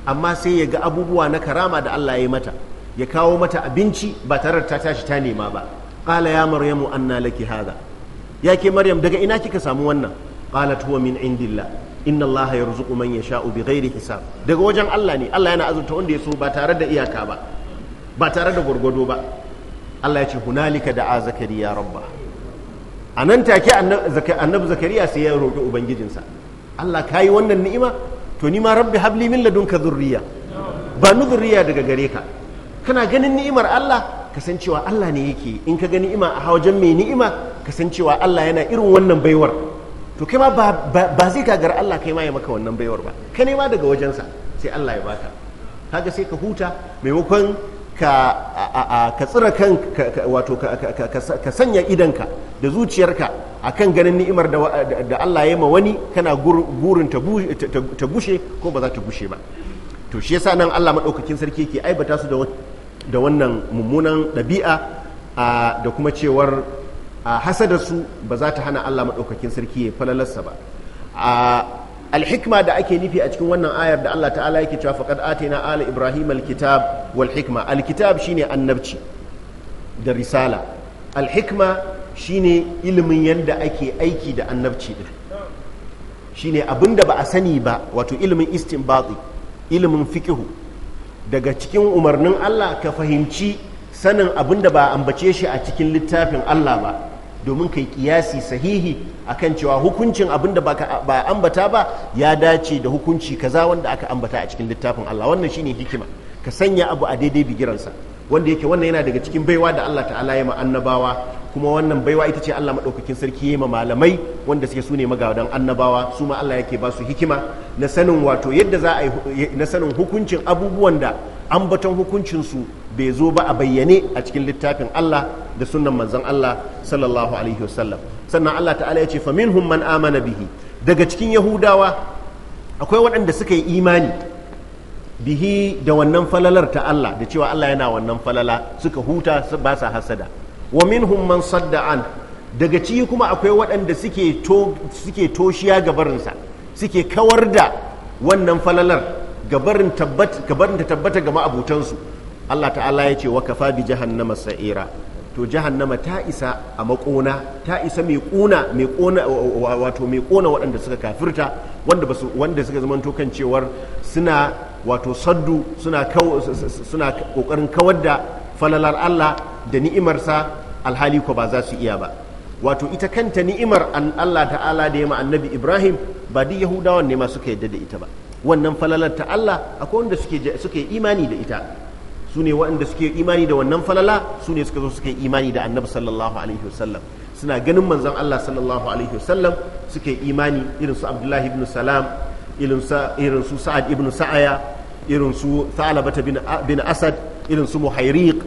amma sai ya ga abubuwa na karama da allah ya yi mata ya kawo mata abinci ba tare da ta tashi ta nema ba qala ya maryamu anna laki haza, ya ke maryam daga ina kika samu wannan qalat huwa min indillah inna Allah ya ruzuku man sha bi ghairi hisab daga wajen Allah ne Allah yana azurta wanda ya so ba tare da iyaka ba ba tare da gwargwado ba Allah ya ce hunalika da a zakariya rabba a nan take annabi zakariya sai ya roƙi ubangijinsa Allah ka yi wannan ni'ima to ni ma rabbi habli min ladunka zurriya ba nu zurriya daga gare ka kana ganin ni'imar Allah kasancewa Allah ne yake in ka ga ni'ima a wajen mai ni'ima kasancewa Allah yana irin wannan baiwar to kai ma ba zai gagar Allah kai ma ya maka wannan baiwar ba ka nema daga wajensa sai Allah ya baka kaga sai ka huta maimakon ka ka tsira kan wato ka sanya idanka da zuciyarka akan ganin ni'imar da Allah ya ma wani kana gurin ta gushe ko ba za ta gushe ba to shi yasa nan Allah maɗaukakin sarki yake aibata su da wannan mummunan ɗabi'a da kuma cewar a hasadarsu ba za ta hana Allah maɗaukakin sarki ya falalarsa ba a alhikma da ake nufi a cikin wannan ayar da Allah ta'ala yake cewa faqad atina ala ibrahim alkitab wal hikma alkitab shine annabci da risala alhikma shine ilimin yadda ake aiki da annabci din shine abinda ba a sani ba wato ilimin istinbati ilimin fikihu daga cikin umarnin Allah ka fahimci sanin abinda ba a ambace shi a cikin littafin Allah ba domin kai kiyasi sahihi akan cewa hukuncin abin da ba ambata ba ya dace da hukunci kaza wanda aka ambata a cikin littafin Allah wannan shine hikima ka sanya abu a daidai bigiransa wanda yake wannan yana daga cikin baiwa da Allah ta'ala ya ma annabawa kuma wannan baiwa ita ce Allah madaukakin sarki ya ma malamai wanda suke sune magawadan annabawa su ma Allah yake ba su hikima na sanin wato yadda za a yi na sanin hukuncin abubuwan da ambaton hukuncin su bai zo ba a bayyane a cikin littafin Allah da sunan manzon Allah sallallahu alaihi wasallam sannan Allah ta'ala ya ce fa minhum man amana bihi daga cikin yahudawa akwai waɗanda suka yi imani bihi da wannan falalar ta Allah da cewa Allah yana wannan falala suka huta ba sa hasada wa minhum man sadda an daga ciki kuma akwai waɗanda suke to suke toshiya gabarinsa suke kawar da wannan falalar gabarin tabbata gabarin ta tabbata ga ma'abutansu Allah ta'ala ya ce wa kafa bi jahannama sa'ira to jahannama ta isa a makona ta isa mai kona mai kona wato mai kona waɗanda suka kafirta wanda basu wanda suka zamanto kan cewar suna wato saddu suna suna kokarin kawar da falalar Allah da ni'imarsa alhali ko ba za su iya ba wato ita kanta ni'imar Allah ta'ala da ya annabi Ibrahim ba duk Yahudawan ne ma suka yadda da ita ba wannan falalar ta Allah akwai wanda suke suke imani da ita su ne waɗanda suke imani da wannan falala su ne suka zo suka yi imani da annabi sallallahu alaihi wasallam suna ganin manzon Allah sallallahu alaihi wasallam suke imani irin su Abdullahi ibn Salam irin su Sa'ad ibn Sa'aya irin su Thalabata bin Asad irin su Muhairiq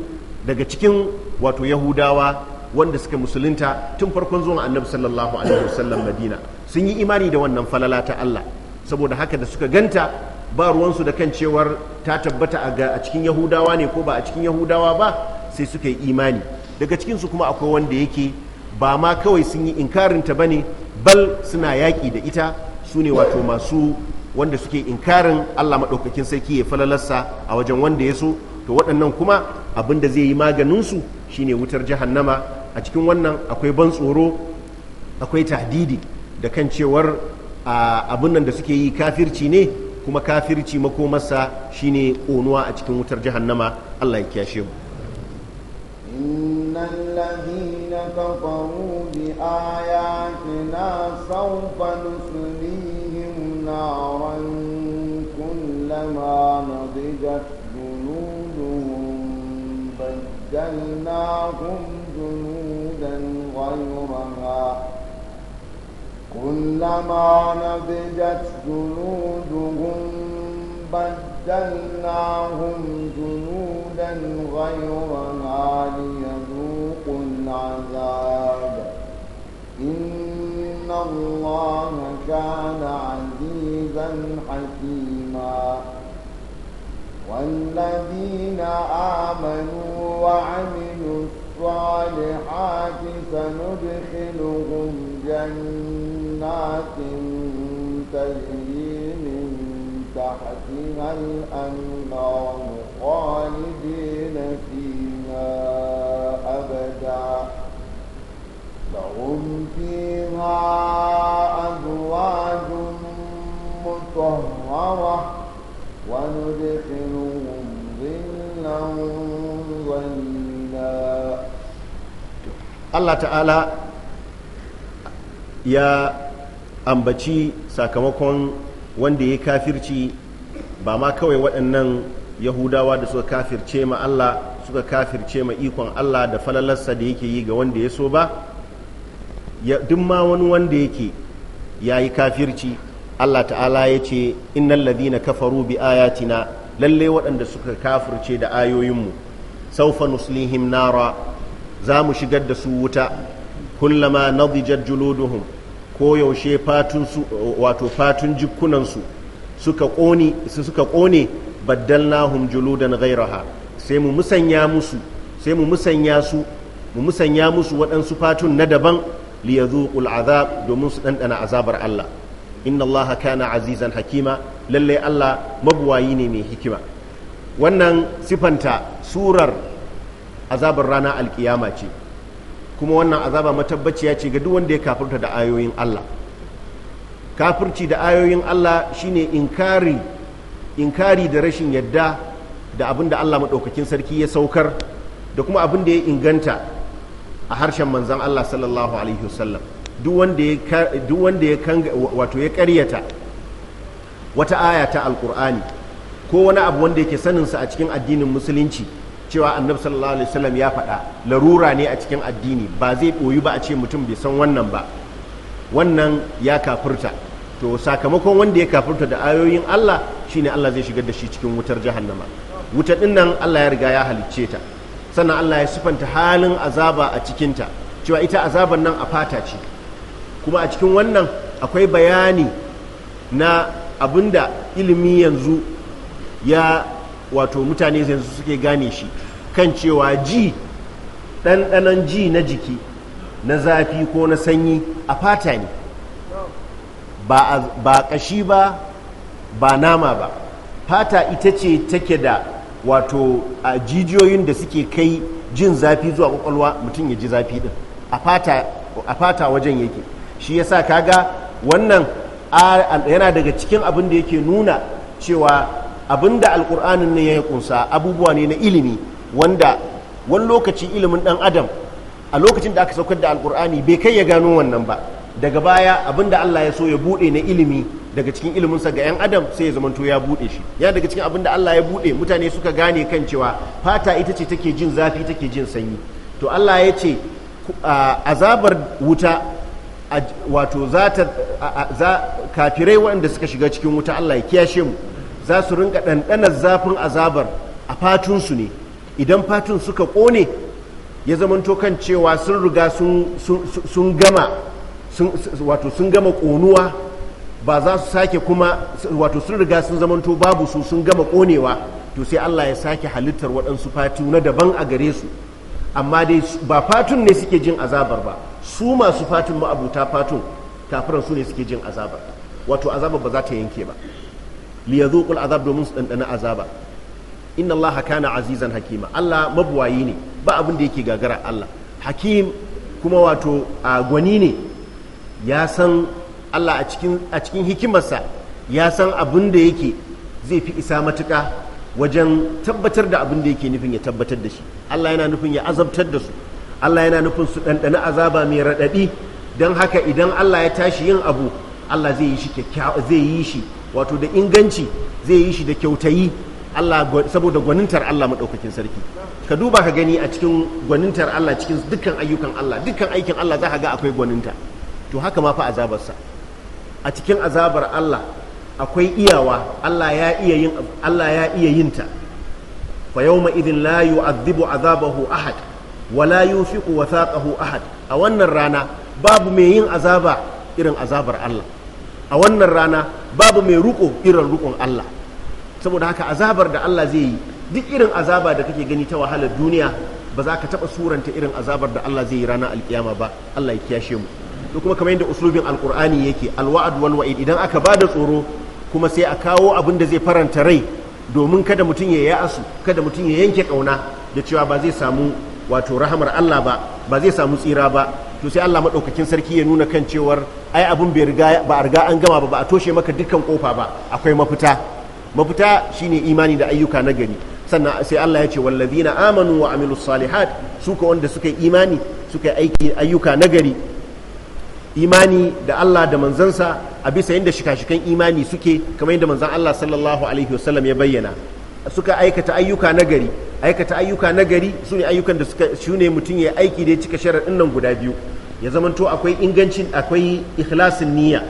daga cikin wato Yahudawa wanda suka musulunta tun farkon zuwan annabi sallallahu alaihi wasallam Madina sun yi imani da wannan falala ta Allah saboda haka da suka ganta ba ruwansu da kan cewar ta tabbata a cikin yahudawa ne ko ba a cikin yahudawa ba sai suka yi imani daga cikinsu kuma akwai wanda yake ba ma kawai sun yi inkarinta ba ne bal suna yaƙi da ita su ne wato masu wanda suke inkarin allah maɗaukakin sarki ya falalarsa a wajen wanda ya so to waɗannan kuma abin da zai yi maganinsu shine wutar jahannama a cikin wannan akwai ban tsoro akwai tahdidi da kan cewar abin nan da suke yi kafirci ne kuma kafirci makomarsa shine ƙonuwa a cikin wutar jahannama Allah ya kiyashe mu innal ladina kafaru bi ayatina sawfa nuslihim naran kullama nadidat junuduhum badalnahum كلما نضجت جنودهم بدلناهم جنودا غيرنا ليذوقوا العذاب إن الله كان عزيزا حكيما والذين آمنوا وعملوا الصالحات سندخلهم جنات جنات تجري من تحتها الأنهار خالدين فيها أبدا لهم فيها أزواج مطهرة وندخلهم ظلا ظليلا الله تعالى ya ambaci sakamakon wanda ya kafirci ba ma kawai waɗannan yahudawa da suka kafirce ma Allah suka kafirce ma ikon Allah da falalarsa da yake yi ga wanda ya so ba duk ma wani wanda yake ya yi kafirci Allah ta'ala ya ce innal ladina kafaru bi ayatina lalle waɗanda suka kafirce da ayoyinmu saufa nuslihim nara za mu shigar da su wuta kullama nadijat juluduhum koyaushe wato fatun jikunansu suka ƙone baddalnahum juludan ghairaha sai mu musanya musu sai mu musanya su mu musanya musu waɗansu fatun na daban liyadhuqul azab domin su ɗanɗana azabar Allah inna Allah kana azizan hakima lallai Allah mabuwayi ne mai hikima wannan sifanta surar azabar rana alkiyama ce kuma wannan azaba matabbaciya ce ga duk wanda ya kafirta da ayoyin Allah kafirci da ayoyin Allah shine inkari inkari da rashin yadda da abin da Allah maɗaukakin sarki ya saukar da kuma abin da ya inganta a harshen manzan Allah sallallahu alaihi wasallam duk wanda ya wato ya karyata wata aya ta alƙur'ani ko wani abu wanda yake saninsa a cikin addinin musulunci cewa annabi sallallahu alaihi wasallam ya faɗa larura ne a cikin addini ba zai ɓoyi ba a ce mutum bai san wannan ba wannan ya kafurta to sakamakon wanda ya kafurta da ayoyin Allah shine Allah zai shigar da shi cikin wutar jahannama wuta din nan Allah ya riga ya halicce ta sannan Allah ya sifanta halin azaba a cikin ta cewa ita azaban nan a fata ce kuma a cikin wannan akwai bayani na abinda ilimi yanzu ya wato mutane yanzu suke gane shi kan cewa ji ɗanɗanon ji na jiki na zafi ko na sanyi a fata ne ba ƙashi ba ba nama ba fata ita ce take da wato a jijiyoyin da suke kai jin zafi zuwa kwakwalwa mutum ya ji zafi din a fata wajen yake shi yasa kaga wannan yana daga cikin abin da yake nuna cewa abinda alkur'anin ne ya yi kunsa abubuwa ne na ilimi wanda wani lokaci ilimin dan adam a lokacin da aka saukar da alkur'ani bai kai ya gano wannan ba daga baya abinda Allah ya so ya bude na ilimi daga cikin iliminsa ga 'yan adam sai ya zamanto ya bude shi yana daga cikin abinda Allah ya bude mutane suka gane kan cewa fata ita ce take jin zafi take jin sanyi to Allah ya ce azabar wuta wato za kafirai waɗanda suka shiga cikin wuta Allah ya kiyashe mu za su rinka ɗanɗanar zafin azabar a fatunsu ne idan fatun suka ƙone ya zamanto kan cewa sun riga sun gama wato sun gama ƙonuwa ba za su sake kuma wato sun riga sun zamanto babu su sun gama ƙonewa to sai Allah ya sake halittar waɗansu fatu na daban a gare su amma dai ba fatun ne suke jin azabar ba su masu fatun ma'abuta fatun kafiran su ne suke jin azabar wato azabar ba za ta yanke ba li yadhuqul azab domin su dandana azaba inna allaha kana azizan hakima allah mabuwayi ne ba abin da yake gagara allah hakim kuma wato a gwani ne ya san allah a cikin hikimarsa ya san abin da yake zai fi isa matuka wajen tabbatar da abin da yake nufin ya tabbatar da shi allah yana nufin ya azabtar da su allah yana nufin su ɗanɗana azaba mai raɗaɗi don haka idan allah ya tashi yin abu allah zai yi shi wato da inganci zai yi shi da kyautayi saboda gwanintar Allah maɗaukakin sarki ka duba ka gani a cikin gwanintar Allah cikin dukkan ayyukan Allah dukkan aikin Allah za ka ga akwai gwaninta to haka ma fa azabarsa a cikin azabar Allah akwai iyawa Allah ya iya yin Allah ya iya yin ta fa yawma idhin la yu'adhibu azabahu ahad wa la yufiqu wathaqahu ahad a wannan rana babu mai yin azaba irin azabar Allah a wannan rana babu mai ruko irin rukon Allah saboda haka azabar da Allah zai yi duk irin azaba da kake gani ta wahalar duniya ba za ka taɓa suranta irin azabar da Allah zai yi ranar alkiyama ba Allah ya kiyashe mu to kuma kamar yadda uslubin alkur'ani yake alwa'ad wal wa'id idan aka bada tsoro kuma sai a kawo abin da zai faranta rai domin kada mutum ya ya'asu kada mutum ya yanke kauna da cewa ba zai samu wato rahamar Allah ba ba zai samu tsira ba to sai Allah madaukakin sarki ya nuna kan cewar ai abun bai riga ba a riga an gama ba ba a toshe maka dukkan kofa ba akwai mafita mafita shine imani da ayyuka na gari sannan sai Allah ya ce wallazina amanu wa amilus salihat suka wanda suka yi imani suka yi aiki ayyuka na gari imani da Allah da manzansa a bisa yadda shikashikan imani suke kamar yadda manzan Allah sallallahu alaihi wasallam ya bayyana suka aikata ayyuka nagari aikata ayyuka nagari su ne ayyukan da suka shi ne mutum ya aiki da ya cika sharaɗin nan guda biyu ya zamanto akwai ingancin akwai ikhlasin niyya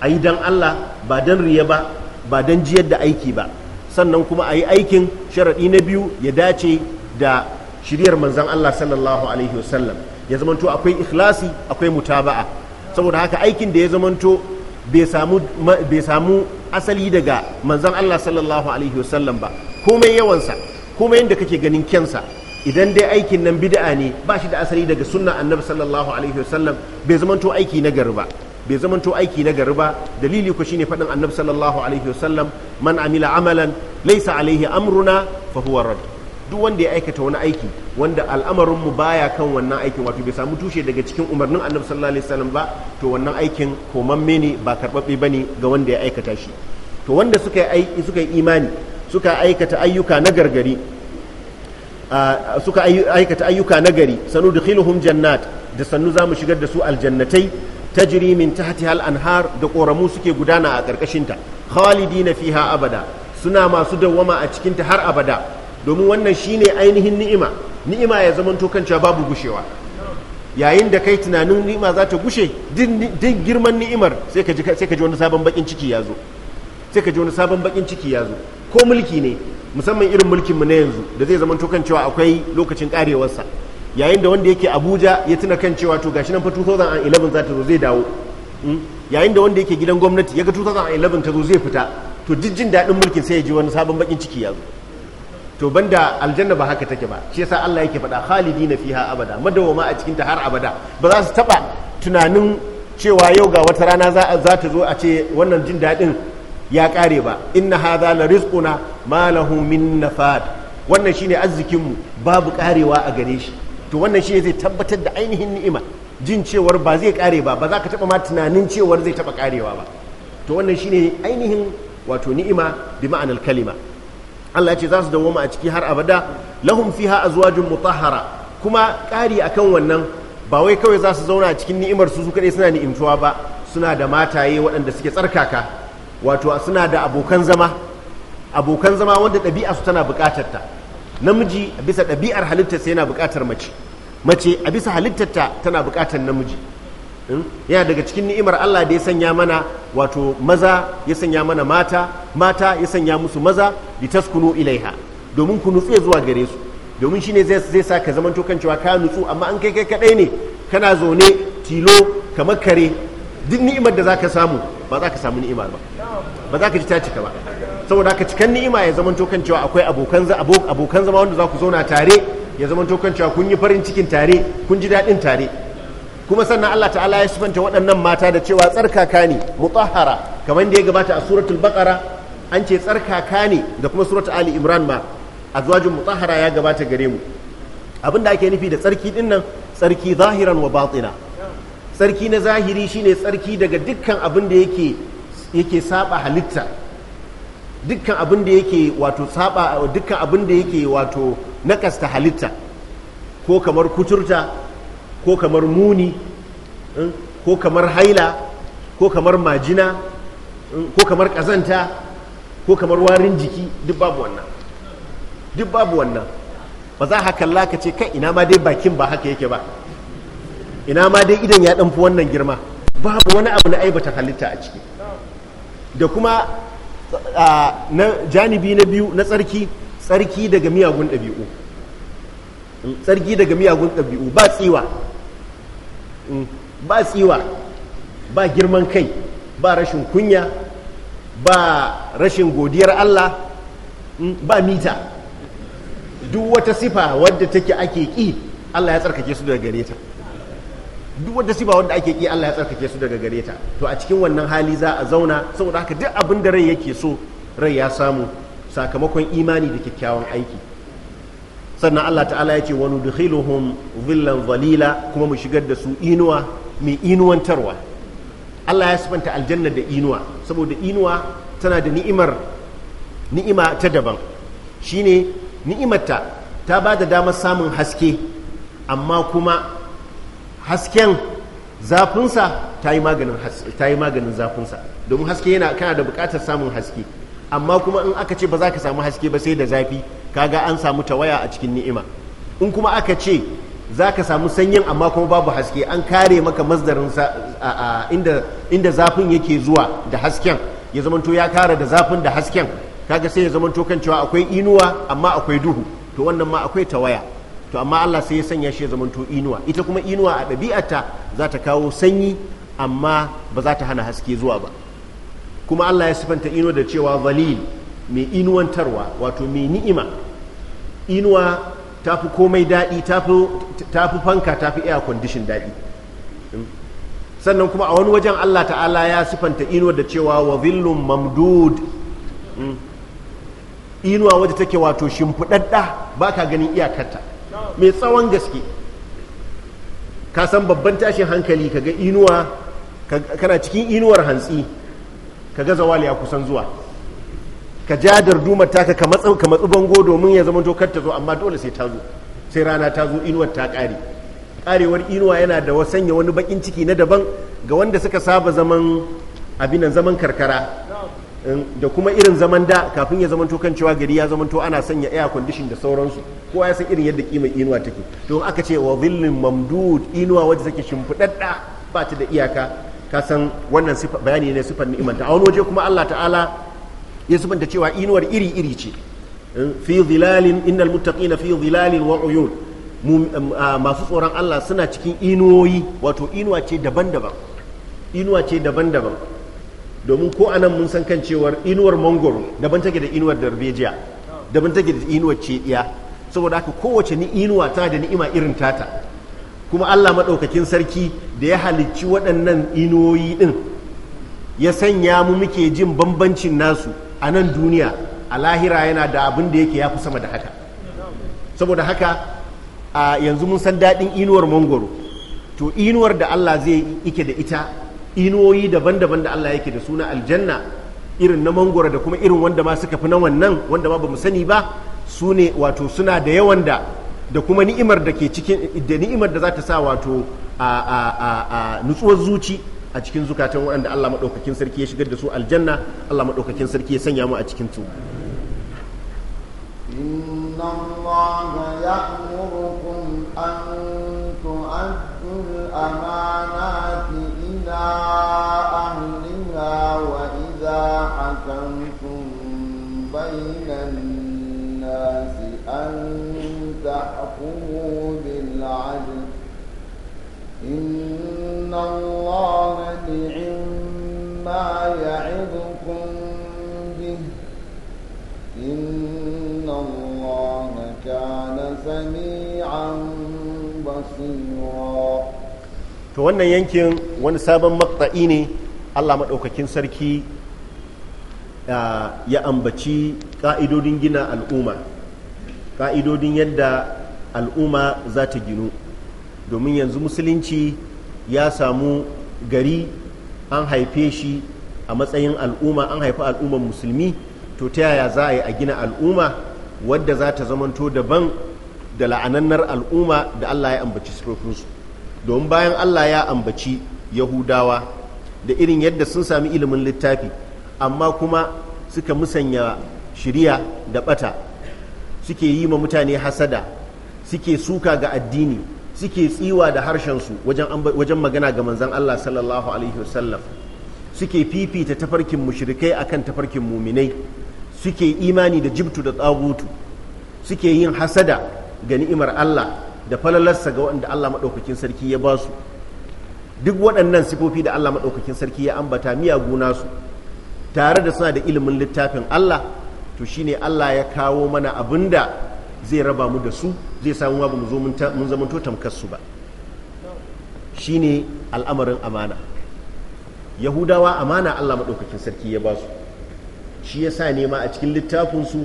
a yi don Allah ba don riya ba ba don jiyar da aiki ba sannan kuma a yi aikin sharaɗi na biyu ya dace da shiryar manzan Allah sallallahu alaihi wasallam ya zamanto akwai ikhlasi akwai mutaba'a saboda haka aikin da ya zamanto bai samu asali daga manzan Allah sallallahu alaihi wasallam ba komai yawansa komai yadda kake ganin kyansa idan dai aikin nan bid'a ne ba shi da asali daga sunna annabi sallallahu alaihi wasallam bai zamanto aiki na gari ba bai zamanto aiki na gari ba dalili ku shine faɗin annabi sallallahu alaihi wasallam man amila amalan laysa alaihi amruna fa huwa rad duk wanda ya aikata wani aiki wanda al'amarin mu baya kan wannan aikin wato bai samu tushe daga cikin umarnin annabi sallallahu alaihi wasallam ba to wannan aikin komamme ne ba karbabbe bane ga wanda ya aikata shi to wanda suka yi suka yi imani suka aikata ayyuka na gargari suka aikata ayyuka gari sanu dukhiluhum jannat da sannu za mu shigar da su aljannatai ta tajri min hati hal anhar da ƙoramu suke gudana a karkashin ta khalidina fiha abada suna masu dawwama a cikin ta har abada domin wannan shine ainihin ni'ima ni'ima ya zamanto kanta babu gushewa yayin da kai tunanin ni'ima za ta gushe din girman ni'imar sai ka wani sabon bakin sai ka ji wani sabon bakin ciki ya zo ko mulki ne musamman irin mulkin mu na yanzu da zai zama kan cewa akwai lokacin karewarsa yayin da wanda yake abuja ya tuna kan cewa to gashi nan fa 2011 za ta zo zai dawo hmm? yayin da wanda yake gidan gwamnati ya ga 2011 ta zo zai fita to jijjin daɗin mulkin sai ya ji wani sabon bakin ciki ya zo to banda aljanna ba haka take ba shi yasa Allah yake faɗa khalidina fiha abada madawama a cikin ta har abada ba za su taba tunanin cewa yau ga wata rana za ta zo a ce wannan jin daɗin ya kare ba inna hadha la rizquna ma lahu min nafad wannan shine arzikin mu babu karewa a gare shi to wannan shine zai tabbatar da ainihin ni'ima jin cewar ba zai kare ba ba za ka taba ma tunanin cewar zai taba karewa ba to wannan shine ainihin wato ni'ima bi ma'anar kalima Allah ya ce za su dawoma a ciki har abada lahum fiha azwajun mutahhara kuma ƙari akan wannan ba wai kawai za su zauna a cikin ni'imar su su kadai suna ni'imtuwa ba suna da mataye waɗanda suke tsarkaka wato suna da abokan zama abokan zama wanda ɗabi'a su tana buƙatar ta namiji a bisa ɗabi'ar halittar sai yana buƙatar mace mace a bisa halittar ta tana buƙatar namiji hmm? yana daga cikin ni'imar Allah da ya sanya mana wato maza ya sanya mana mata mata ya sanya musu maza li taskunu ilaiha domin ku nutsu zuwa gare su domin shine zai zai sa ka zaman to cewa ka nutsu amma an kai kai kadai ne kana zaune tilo kamar kare duk ni'imar da za ka samu ba za ka samu ni'ima ba ba za ka ji ta cika ba saboda haka cikan ni'ima ya zama kan cewa akwai abokan abokan zama wanda za ku zauna tare ya zama kan cewa kun yi farin cikin tare kun ji daɗin tare kuma sannan Allah ta'ala ya sifanta waɗannan mata da cewa tsarkaka ne mutahhara kamar da ya gabata a suratul baqara an ce tsarkaka ne da kuma suratul ali imran ma azwajin mutahhara ya gabata gare mu abinda ake nufi da tsarki dinnan tsarki zahiran wa batina tsarki na zahiri shine tsarki daga dukkan abin da yake yake saba halitta dukkan abin da yake wato saba dukkan abin da yake wato nakasta halitta ko kamar kuturta ko kamar muni hmm, ko kamar haila ko kamar majina hmm, ko kamar kazanta ko kamar warin jiki duk babu wannan duk babu wannan ba za ka kalla ka ce kai ina ma dai bakin ba haka yake ba ina ma dai idan ya ɗanfi wannan girma babu wani abu na aibata halitta a ciki da kuma na janibi na biyu na tsarki tsarki daga miyagun ɗabi'u tsarki daga miyagun ɗabi'u ba tsiwa mm. ba tsiwa ba girman kai ba rashin kunya ba rashin godiyar Allah mm. ba mita duk wata sifa wadda take ake ƙi Allah ya tsarkake su daga gare ta duk wanda sifa wanda ake ki Allah ya tsarkake su daga gare ta to a cikin wannan hali za a zauna saboda haka duk abin da rai yake so rai ya samu sakamakon imani da kyakkyawan aiki sannan Allah ta'ala ya ce wani nudkhiluhum dhillan zalila kuma mu shigar da su inuwa mai inuwantarwa Allah ya sifanta aljanna da inuwa saboda inuwa tana da ni'imar ni'ima ta daban shine ni'imarta ta ba da damar samun haske amma kuma hasken zafinsa ta yi maganin zafinsa domin haske yana kana da bukatar samun haske amma kuma in aka ce ba za ka samu haske ba sai da zafi kaga an samu tawaya a cikin ni'ima in kuma aka ce za ka samu sanyin amma kuma babu haske an kare maka masdarin inda zafin yake zuwa da hasken ya zamanto ya kara da zafin da hasken kaga sai ya zamanto kan cewa akwai inuwa amma akwai duhu to wannan ma akwai tawaya to amma Allah sai ya sanya shi ya zamanto inuwa ita kuma inuwa a ɗabi'ata za ta kawo sanyi amma ba za ta hana haske zuwa ba kuma Allah ya sifanta inuwa da cewa zalil mai inuwantarwa wato mai ni'ima inuwa ta fi komai daɗi ta fi fanka ta fi air condition daɗi sannan kuma a wani wajen Allah ta'ala ya sifanta inuwa da cewa wa zillun mamdud hmm. inuwa wadda take wato shimfiɗaɗɗa ba ka ganin iyakarta mai tsawon gaske ka san babban tashin hankali ka ga inuwa kana cikin inuwar hantsi ka ga zawali ya kusan zuwa ka ja dardumar taka ka matsa ka matsu bango domin ya zama tokar ta zo amma dole sai ta zo sai rana ta zo inuwar ta kare karewar inuwa yana da sanya wani bakin ciki na daban ga wanda suka saba zaman abinan zaman karkara da kuma irin zaman da kafin ya zama to kan cewa gari ya zama to ana sanya air condition da sauransu kowa ya san irin yadda kima inuwa take to aka ce wa zillin mamdud inuwa wadda take shimfidadda ba ta da iyaka ka san wannan bayani ne sifar ni'imanta a wani waje kuma Allah ta'ala ya sifanta cewa inuwar iri iri ce hmm, fi zilalin innal muttaqina fi zilalin wa uyun um, masu tsoron Allah suna cikin inuwoyi wato inuwa ce daban-daban inuwa ce daban-daban domin ko anan mun san kan cewar inuwar mangoro daban take da inuwar darbejiya daban take da inuwar cediya saboda haka kowace inuwa ta da ni'ima irin tata kuma Allah maɗaukakin sarki da ya halicci waɗannan inuwoyi ɗin ya sanya mu muke jin bambancin nasu a nan duniya a lahira yana da abin da yake ya fi sama da haka saboda haka a yanzu mun san daɗin inuwar mangoro to inuwar da Allah zai ike da ita inuwoyi daban-daban da Allah yake da suna aljanna irin na mangoro da kuma irin wanda ma suka fi na wannan wanda ma ba mu sani ba su ne wato suna da yawan da da kuma ni'imar da ke cikin da ni'imar da za ta sa wato a nutsuwar zuci a cikin zukatan waɗanda Allah maɗaukakin sarki ya shigar da su aljanna Allah maɗaukakin sarki ya sanya mu a cikin su inna Allah ya'murukum an tu'addu amanati ila ahliha wa hakamtum bainan للناس أن تحكموا بالعدل إن الله نعم يعظكم به إن الله كان سميعا بصيرا to wannan yankin wani sabon matsa'i ne allah maɗaukakin sarki ah, ya ambaci ƙa'idodin gina al'umma ƙa'idodin yadda al'umma za ta ginu domin yanzu musulunci ya samu gari an haife shi a matsayin al'umma an haifi al'ummar musulmi to ta yaya za a yi a gina al'umma wadda za ta zamanto daban da la'anannar al'umma da allah ya ambaci sifofinsu domin bayan allah ya ambaci yahudawa da irin yadda sun sami ilimin littafi amma kuma suka musanya shirya da bata suke yi ma mutane hasada suke suka ga addini suke tsiwa da harshensu wajen magana ga manzan Allah sallallahu alaihi wasallam suke fifita tafarkin mushrikai akan tafarkin muminai suke imani da jibtu da tsagutu suke yin hasada ga ni'imar Allah da falalarsa ga waɗanda Allah maɗaukakin sarki ya ba su duk waɗannan sifofi da Allah maɗaukakin sarki ya ambata miyagu nasu tare da suna da ilimin littafin Allah to shine Allah ya kawo mana abin da zai raba mu da su zai samu ba mu zo mun zamanto tamkar su ba shine al'amarin amana yahudawa amana Allah maɗaukakin sarki ya ba su shi ya sa nema a cikin littafinsu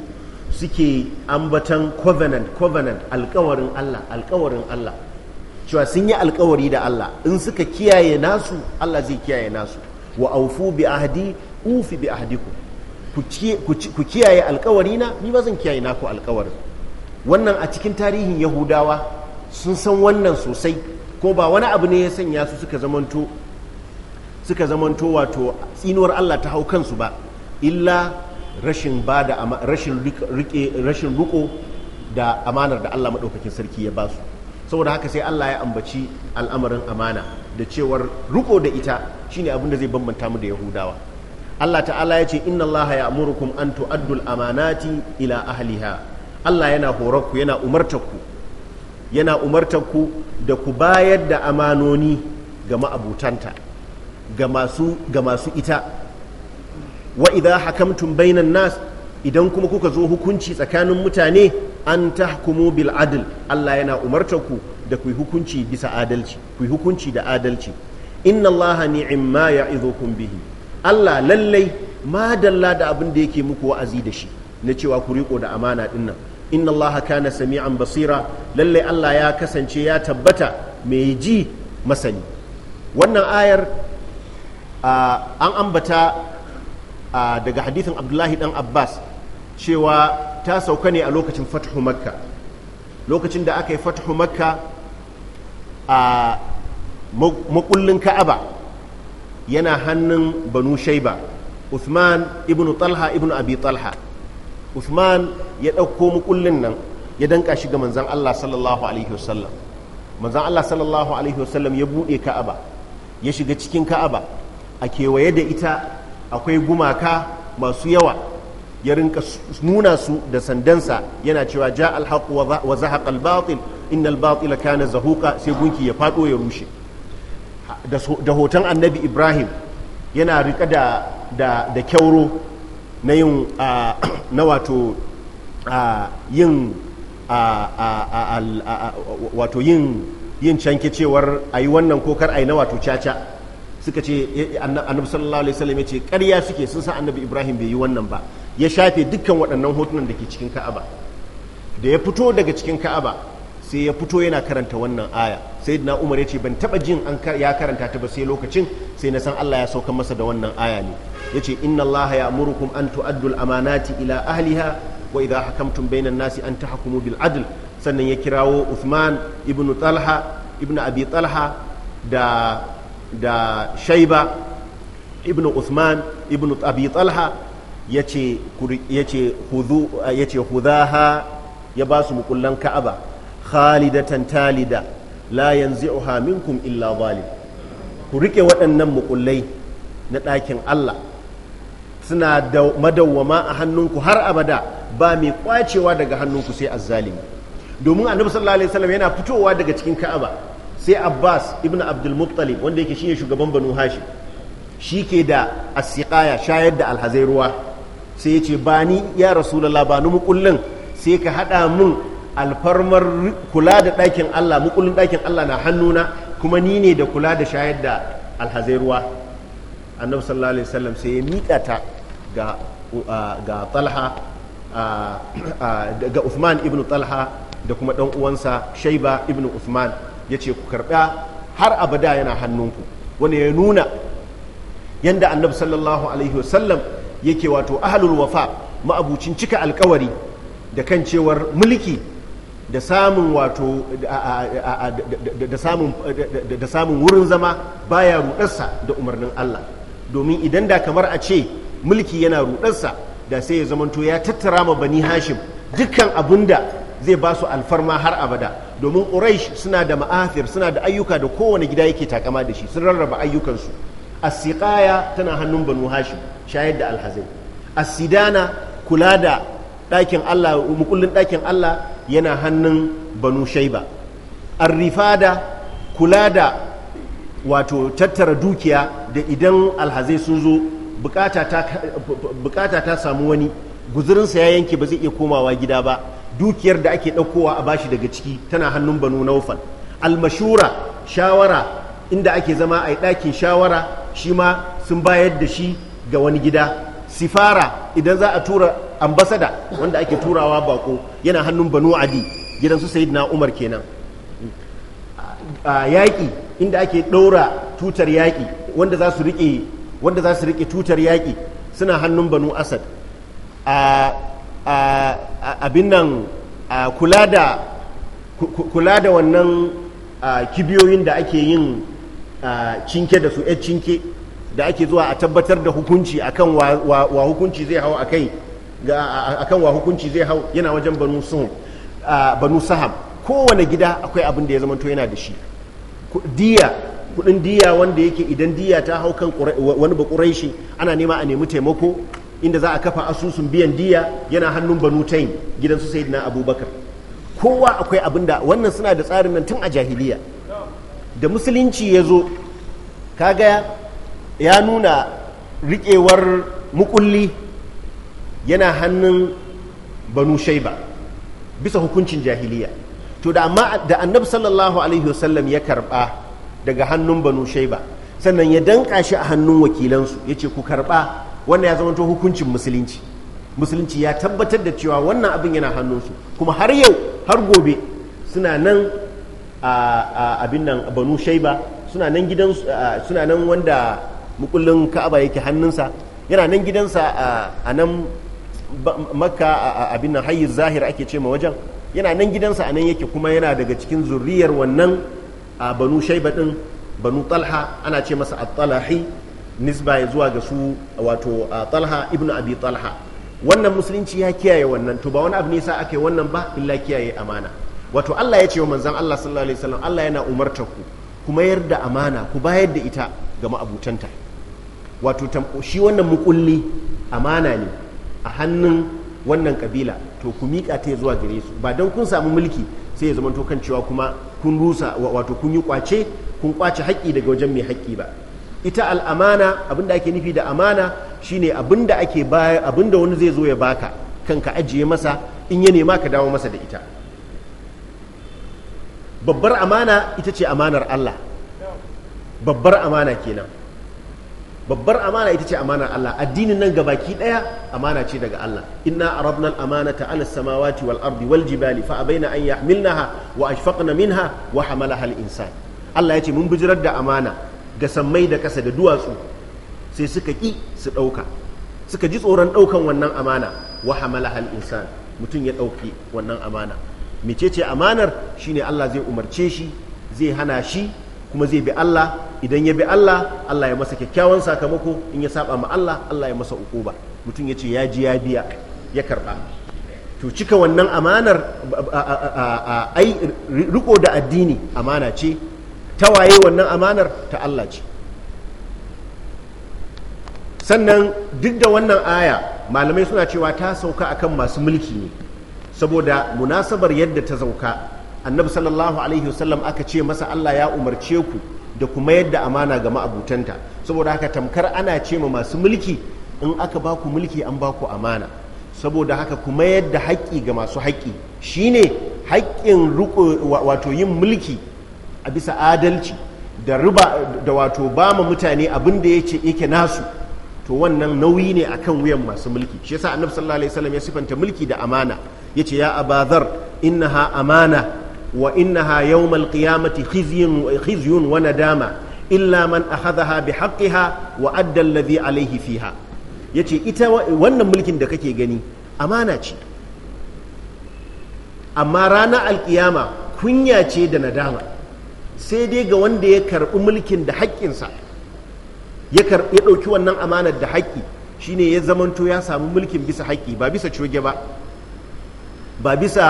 suke ambatan covenant covenant alkawarin Allah alkawarin Allah cewa sun yi alkawari da Allah in suka kiyaye nasu Allah zai kiyaye nasu wa aufu bi ahdi ufi bi ahdikum ku kiyaye alkawari na ni ba zan kiyaye naku alkawarin wannan a cikin tarihin yahudawa sun san wannan sosai ko ba wani abu ne ya sanya su suka zamanto suka zamanto wato tsinuwar Allah ta hau kansu ba illa rashin ba da rashin rashin ruko da amanar da Allah maɗaukakin sarki ya basu. saboda haka sai Allah ya ambaci al'amarin amana da cewar ruko da ita shine abin da zai bambanta mu da Yahudawa Allah ta'ala ya ce inna Allah ya amurukum an tu'addul amanati ila ahliha Allah yana horarku yana umartarku yana ku da ku bayar da amanoni ga ma'abutanta ga masu ga masu ita wa idza hakamtum bainan nas idan kuma kuka zo hukunci tsakanin mutane an tahkumu bil adl Allah yana ku da ku hukunci bisa adalci ku hukunci da adalci inna Allah ni'imma kun bihi Allah lallai madalla da abin da yake muku wa'azi da shi na cewa ku riko da amana dinnan inna Allah kana sami'an basira lallai Allah ya kasance ya tabbata mai ji masani wannan ayar an ambata daga hadithin Abdullahi dan Abbas cewa ta sauka ne a lokacin fathu makka lokacin da aka yi fathu makka a makullin ka'aba yana hannun banu shaiba Uthman ibn Talha ibn Abi Talha Uthman ya ɗauko mukullin nan ya danka shi ga manzon Allah sallallahu alaihi wasallam manzon Allah sallallahu alaihi wasallam ya buɗe Ka'aba ya shiga cikin Ka'aba a kewaye da ita akwai gumaka masu yawa ya rinka nuna su da sandansa yana cewa ja alhaq wa zahaqa albatil innal batila kana zahuqa sai gunki ya fado ya rushe da hoton annabi ibrahim yana rika da da kyauro na yin (clears throat) na wato yin wato yin yin canke cewar a yi wannan kokar a yi na wato caca suka ce eh, eh, annabi sallallahu alaihi wasallam ya ce ƙarya suke sun san annabi ibrahim bai yi wannan ba ya shafe dukkan waɗannan hotunan da ke cikin ka'aba da ya fito daga cikin ka'aba sai ya fito yana karanta wannan aya sai na umar ya ce ban taba jin an ya karanta ta ba sai lokacin sai na san Allah ya sauka masa da wannan aya ne ya ce inna Allah ya murukum an tu'addul amanati ila ahliha wa idha hakamtum bainan nasi an tahkumu bil adl sannan ya kirawo usman ibn Talha ibn Abi Talha da Shaiba ibn Uthman ibn Abi Talha yace yace hudaha ya ba su mukullan Ka'aba khalidatan talida la yanzi'uha minkum illa zalim ku rike waɗannan mukullai na ɗakin Allah suna da madawwama a hannunku har abada ba mai kwacewa daga hannunku sai azzalimi domin annabi sallallahu alaihi wasallam yana fitowa daga cikin Ka'aba sai Abbas ibn Abdul wanda yake shine shugaban Banu Hashim shi ke da asiqaya shayar da alhazai ruwa sai ya ce ba ya rasu ba ni mukullin sai ka haɗa mun alfarmar kula da ɗakin Allah mukulin ɗakin Allah na hannuna kuma ni ne da kula da shayar da alhazairuwa annabi sallallahu alaihi wasallam sai ya miƙa ta ga uh, ga talha uh, uh, ga Uthman ibn talha da kuma ɗan uwansa shaiba ibn Uthman Yace ce ku karɓa har abada yana hannunku wani ya nuna yanda annabi sallallahu alaihi wasallam yake wato ahlul wafa ma'abucin cika alkawari da kan cewar mulki da samun wato da samun wurin zama baya rudarsa da umarnin Allah domin idan da kamar a ce mulki yana rudarsa da sai ya zamanto ya tattara ma bani hashim dukkan abinda zai ba su alfarma har abada domin quraish suna da ma'afir suna da ayyuka da kowane gida yake takama da shi sun rarraba ayyukansu asiqaya tana hannun banu hashim shayar da alhazai asidana kula da ɗakin Allah mukullin ɗakin Allah yana hannun banu shaiba arrifada kula da wato tattara dukiya da idan alhazai sun zo bukata ta samu wani guzurinsa ya yanke ba zai iya komawa gida ba dukiyar da ake ɗaukowa a bashi daga ciki tana hannun banu naufal almashura shawara inda ake zama a yi ɗakin shawara shi ma sun bayar da shi ga wani gida sifara idan za a tura ambasada wanda ake turawa bako yana hannun banu adi gidan su sayid na umar kenan a yaƙi inda ake ɗaura tutar yaƙi wanda za su riƙe wanda za su riƙe tutar yaƙi suna hannun banu asad a abin nan kula da kula da wannan kibiyoyin da ake yin cinke da su 'yar cinke da ake zuwa a tabbatar da hukunci akan wa hukunci zai hau akai akan wa hukunci zai hau yana wajen banu saham kowane gida akwai abin da ya zama to yana da shi diya kudin diya wanda yake idan diya ta hau kan wani bakurai shi ana nema a nemi taimako inda za a kafa asusun biyan diya yana hannun banu tayin gidan su sayyidina abubakar kowa akwai abin da wannan suna da tsarin nan tun a jahiliya da musulunci ya zo kaga ya nuna riƙewar mukulli yana hannun banu shaiba bisa hukuncin jahiliya to da amma da annabi sallallahu alaihi wasallam ya karɓa daga hannun banu shaiba sannan ya danka shi a hannun wakilansu ya ce ku karɓa wannan ya zama zamanto hukuncin musulunci musulunci ya tabbatar da cewa wannan abin yana hannunsu kuma har yau har gobe suna nan a abin nan banu shaiba suna nan gidan suna nan wanda mukullin ka'aba yake hannunsa yana nan gidansa a nan makka abin nan hayyar zahir ake ce ma wajen yana nan gidansa a nan yake kuma yana daga cikin zuriyar wannan a banu shaiba din banu talha ana ce masa at nisba zuwa ga su wato talha ibnu abi talha wannan musulunci ya kiyaye wannan to ba wani abu ne sa aka wannan ba illa kiyaye amana wato Allah ya ce wa manzon Allah sallallahu alaihi wasallam Allah yana umarta ku kuma yarda amana ku bayar da ita ga ma'abutanta wato shi wannan mukulli amana ne a hannun wannan kabila to ku miƙa ta zuwa gare su ba don kun samu mulki sai ya zama to kan cewa kuma kun rusa wato kun yi kwace kun kwace haƙƙi daga wajen mai haƙƙi ba ita al'amana abinda ake nufi da amana shine abinda ake baya abinda wani zai zo ya baka kanka ajiye masa in ya nema ka dawo masa da ita babbar amana ita ce amanar Allah babbar amana kenan babbar amana ita ce amanar Allah addinin nan gabaki daya amana ce daga Allah inna aradna al-amanata 'ala samawati wal ardi wal jibali fa abaina an yahmilnaha wa ashfaqna minha wa hamalaha al-insan Allah ya ce mun bijirar da amana ga sammai da kasa da duwatsu sai suka ki su dauka suka ji tsoron daukan wannan amana wa hamalaha al-insan mutum ya dauki wannan amana mecece amanar shine Allah zai umarce shi zai hana shi kuma zai bi Allah idan ya bi Allah Allah ya masa kyakkyawan sakamako in ya saba ma Allah Allah ya masa ukuba mutum ya ce ya ji ya biya ya karba to cika wannan amanar ai riko da addini amana ce ta waye wannan amanar ta Allah ce sannan duk da wannan aya malamai suna cewa ta sauka akan masu mulki ne saboda munasabar yadda ta zauka. annabi sallallahu alaihi wasallam aka ce masa Allah ya umarce ku da kuma yadda amana ga ma'abutanta saboda haka tamkar ana ce ma masu mulki in aka ba ku mulki an ba ku amana saboda haka kuma yadda haƙƙi ga masu haƙƙi shine haƙƙin wato yin mulki a bisa adalci da riba da wato ba ma mutane abin da ce yake nasu to wannan nauyi ne akan wuyan masu mulki shi yasa annabi sallallahu alaihi wasallam ya sifanta mulki da amana yace ya abazar innaha amana wa innaha yawmal qiyamati khizyun khizyun wa nadama illa man akhadhaha bi haqqiha wa adda alladhi alayhi fiha yace ita wannan mulkin da kake gani amana ce amma ranar alƙiyama kunya ce da nadama sai dai ga wanda ya karɓi mulkin da haƙƙinsa ya ɗauki wannan amanar da haƙƙi shine ya zamanto ya samu mulkin bisa haƙƙi ba bisa coge ba ba bisa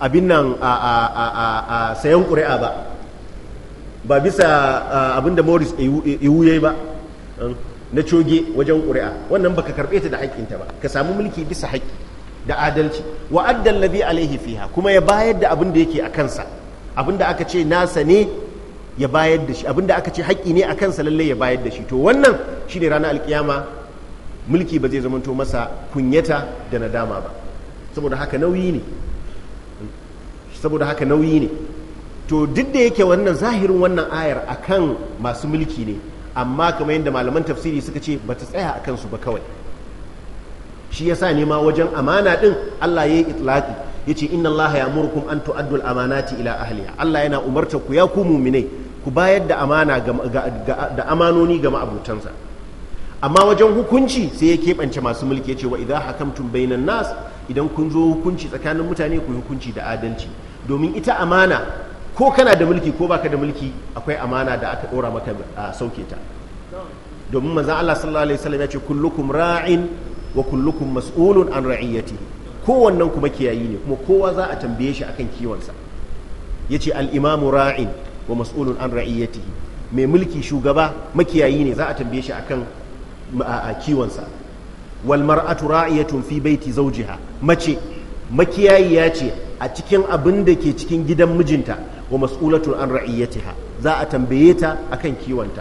abin nan a sayan ƙuri'a ba ba bisa abin da morris iwuye ba na coge wajen ƙuri'a wannan baka karɓe ta da haƙƙinta ba ka samu mulki bisa haƙƙi da adalci wa addan ladhi alaihi fiha kuma ya bayar da abin da yake a kansa abin da aka ce nasa ne ya bayar da shi abin da aka ce haƙƙi ne a kansa lallai ya bayar da shi to wannan shine ranar alƙiyama mulki ba zai zamanto masa kunyata da nadama ba saboda haka nauyi ne saboda haka nauyi ne to duk da yake wannan zahirin wannan ayar akan masu mulki ne amma kamar yadda malaman tafsiri suka ce ba ta tsaya akan su ba kawai shi yasa ne ma wajen amana din Allah ya yi itlaqi yace inna Allah ya'murukum an tu'addu al-amanati ila ahliha Allah yana umarta ku ya ku mu'minai ku bayar da amana da amanoni ga ma'abutansa amma wajen hukunci sai ya keɓance masu mulki ya ce wa idan hakamtum bainan nas idan kun zo hukunci tsakanin mutane ku hukunci da adalci domin ita amana ko kana da mulki ko baka da mulki akwai amana da aka dora maka a sauke ta domin manzon Allah sallallahu alaihi wasallam ya ce kullukum ra'in wa kullukum mas'ulun an ra'iyatihi Kowannan kuma kiyayi ne kuma kowa za a tambaye shi akan kiwonsa yace al-imamu ra'in wa mas'ulun an ra'iyatihi mai mulki shugaba makiyayi ne za a tambaye shi akan kiwonsa wal mar'atu ra'iyatun fi baiti zawjiha mace makiyayi ya ce a cikin abin da ke cikin gidan mijinta wa mas'ulatun an ha za a tambaye ta akan kiwonta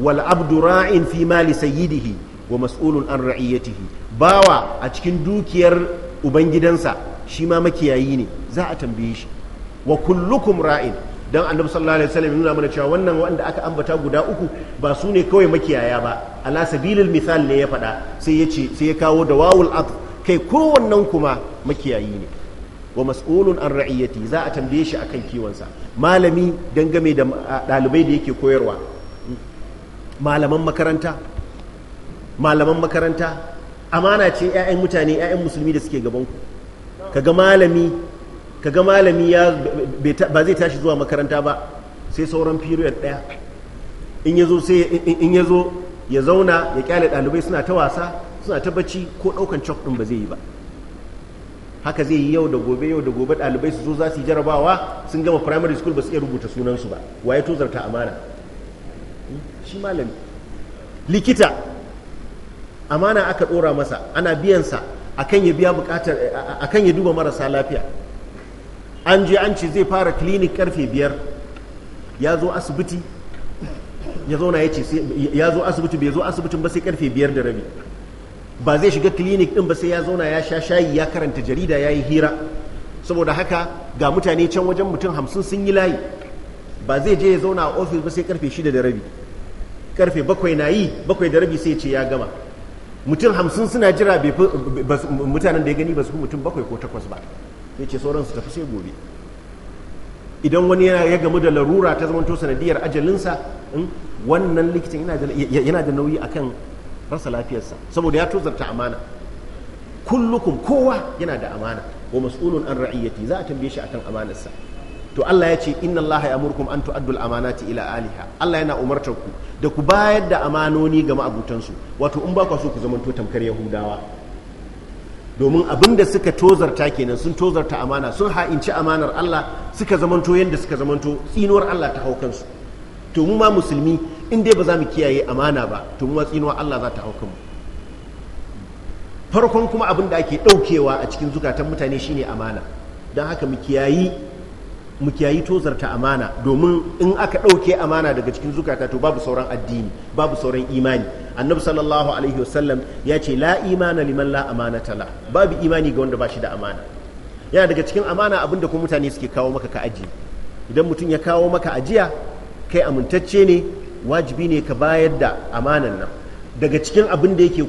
wal abdu ra'in fi mali sayyidihi wa mas'ulun an ra'iyyatihi bawa a cikin dukiyar ubangidansa shi ma makiyayi ne za a tambaye shi wa kullukum ra'in don annabi sallallahu alaihi wasallam nuna mana cewa wannan wanda aka ambata guda uku ba su ne kawai makiyaya ba ala sabilil misal ne ya faɗa sai ya ce sai ya kawo da wawul kai kowannen kuma makiyayi ne wa mas'ulun an ra'iyati za a tambaye shi akan kiwonsa malami dangame da dalibai da yake koyarwa malaman makaranta malaman makaranta amana ce 'ya'yan mutane 'ya'yan musulmi da suke gabanku kaga malami kaga malami ya ba zai tashi zuwa makaranta ba sai sauran period ɗaya in yazo sai in ya ya zauna ya kyale dalibai suna ta wasa suna ta bacci ko ɗaukan chalk ɗin ba zai yi ba haka zai yi yau da gobe yau da gobe ɗalibai su zo za su yi jarabawa sun gama primary school ba su iya rubuta sunansu ba wa ya tozarta amana shi malami likita amana aka ɗora masa ana biyansa akan ya biya buƙatar akan ya duba marasa lafiya an je an ce zai fara clinic karfe biyar ya zo asibiti ya zo asibiti bai zo asibitin ba sai karfe biyar da rabi ba zai shiga clinic din ba sai ya zauna ya sha shayi ya karanta jarida ya yi hira saboda haka ga mutane can wajen mutum hamsin sun yi layi ba zai je ya zauna a ofis ba sai karfe shida da rabi karfe bakwai na yi bakwai da rabi sai ce ya gama mutum hamsin suna jira mutanen da ya gani ba su mutum bakwai ko takwas ba sai ce sauran su tafi sai gobe idan wani ya gamu da larura ta zamanto sanadiyar ajalinsa hmm, wannan likitan yana da nauyi akan rasa lafiyarsa saboda ya tozarta amana kullukum kowa yana da amana wa mas'ulun an ra'iyati za a tambaye shi akan amanarsa to Allah ya ce inna Allah ya amurkum an tu'addul amanati ila aliha Allah yana umartar ku da ku bayar da amanoni ga ma'abutansu wato in ba ku so ku zamanto tamkar yahudawa domin abin da suka tozarta kenan sun tozarta amana sun ha'inci amanar Allah suka zamanto yadda suka zamanto tsinuwar Allah ta hau kansu to mu ma musulmi in dai ba za mu kiyaye amana ba to mu Allah za ta auka mu farkon kuma abin da ake ɗaukewa a cikin zukatan mutane shine amana don haka mu kiyayi mu kiyayi tozarta amana domin in aka ɗauke amana daga cikin zukata to babu sauran addini babu sauran imani annabi sallallahu alaihi wasallam ya ce la imana liman la amanata la babu imani ga wanda ba shi da amana yana daga cikin amana abin da kuma mutane suke kawo maka ka aji idan mutum ya kawo maka ajiya kai amintacce ne wajibi ne ka bayar da amanan nan daga cikin abin da yake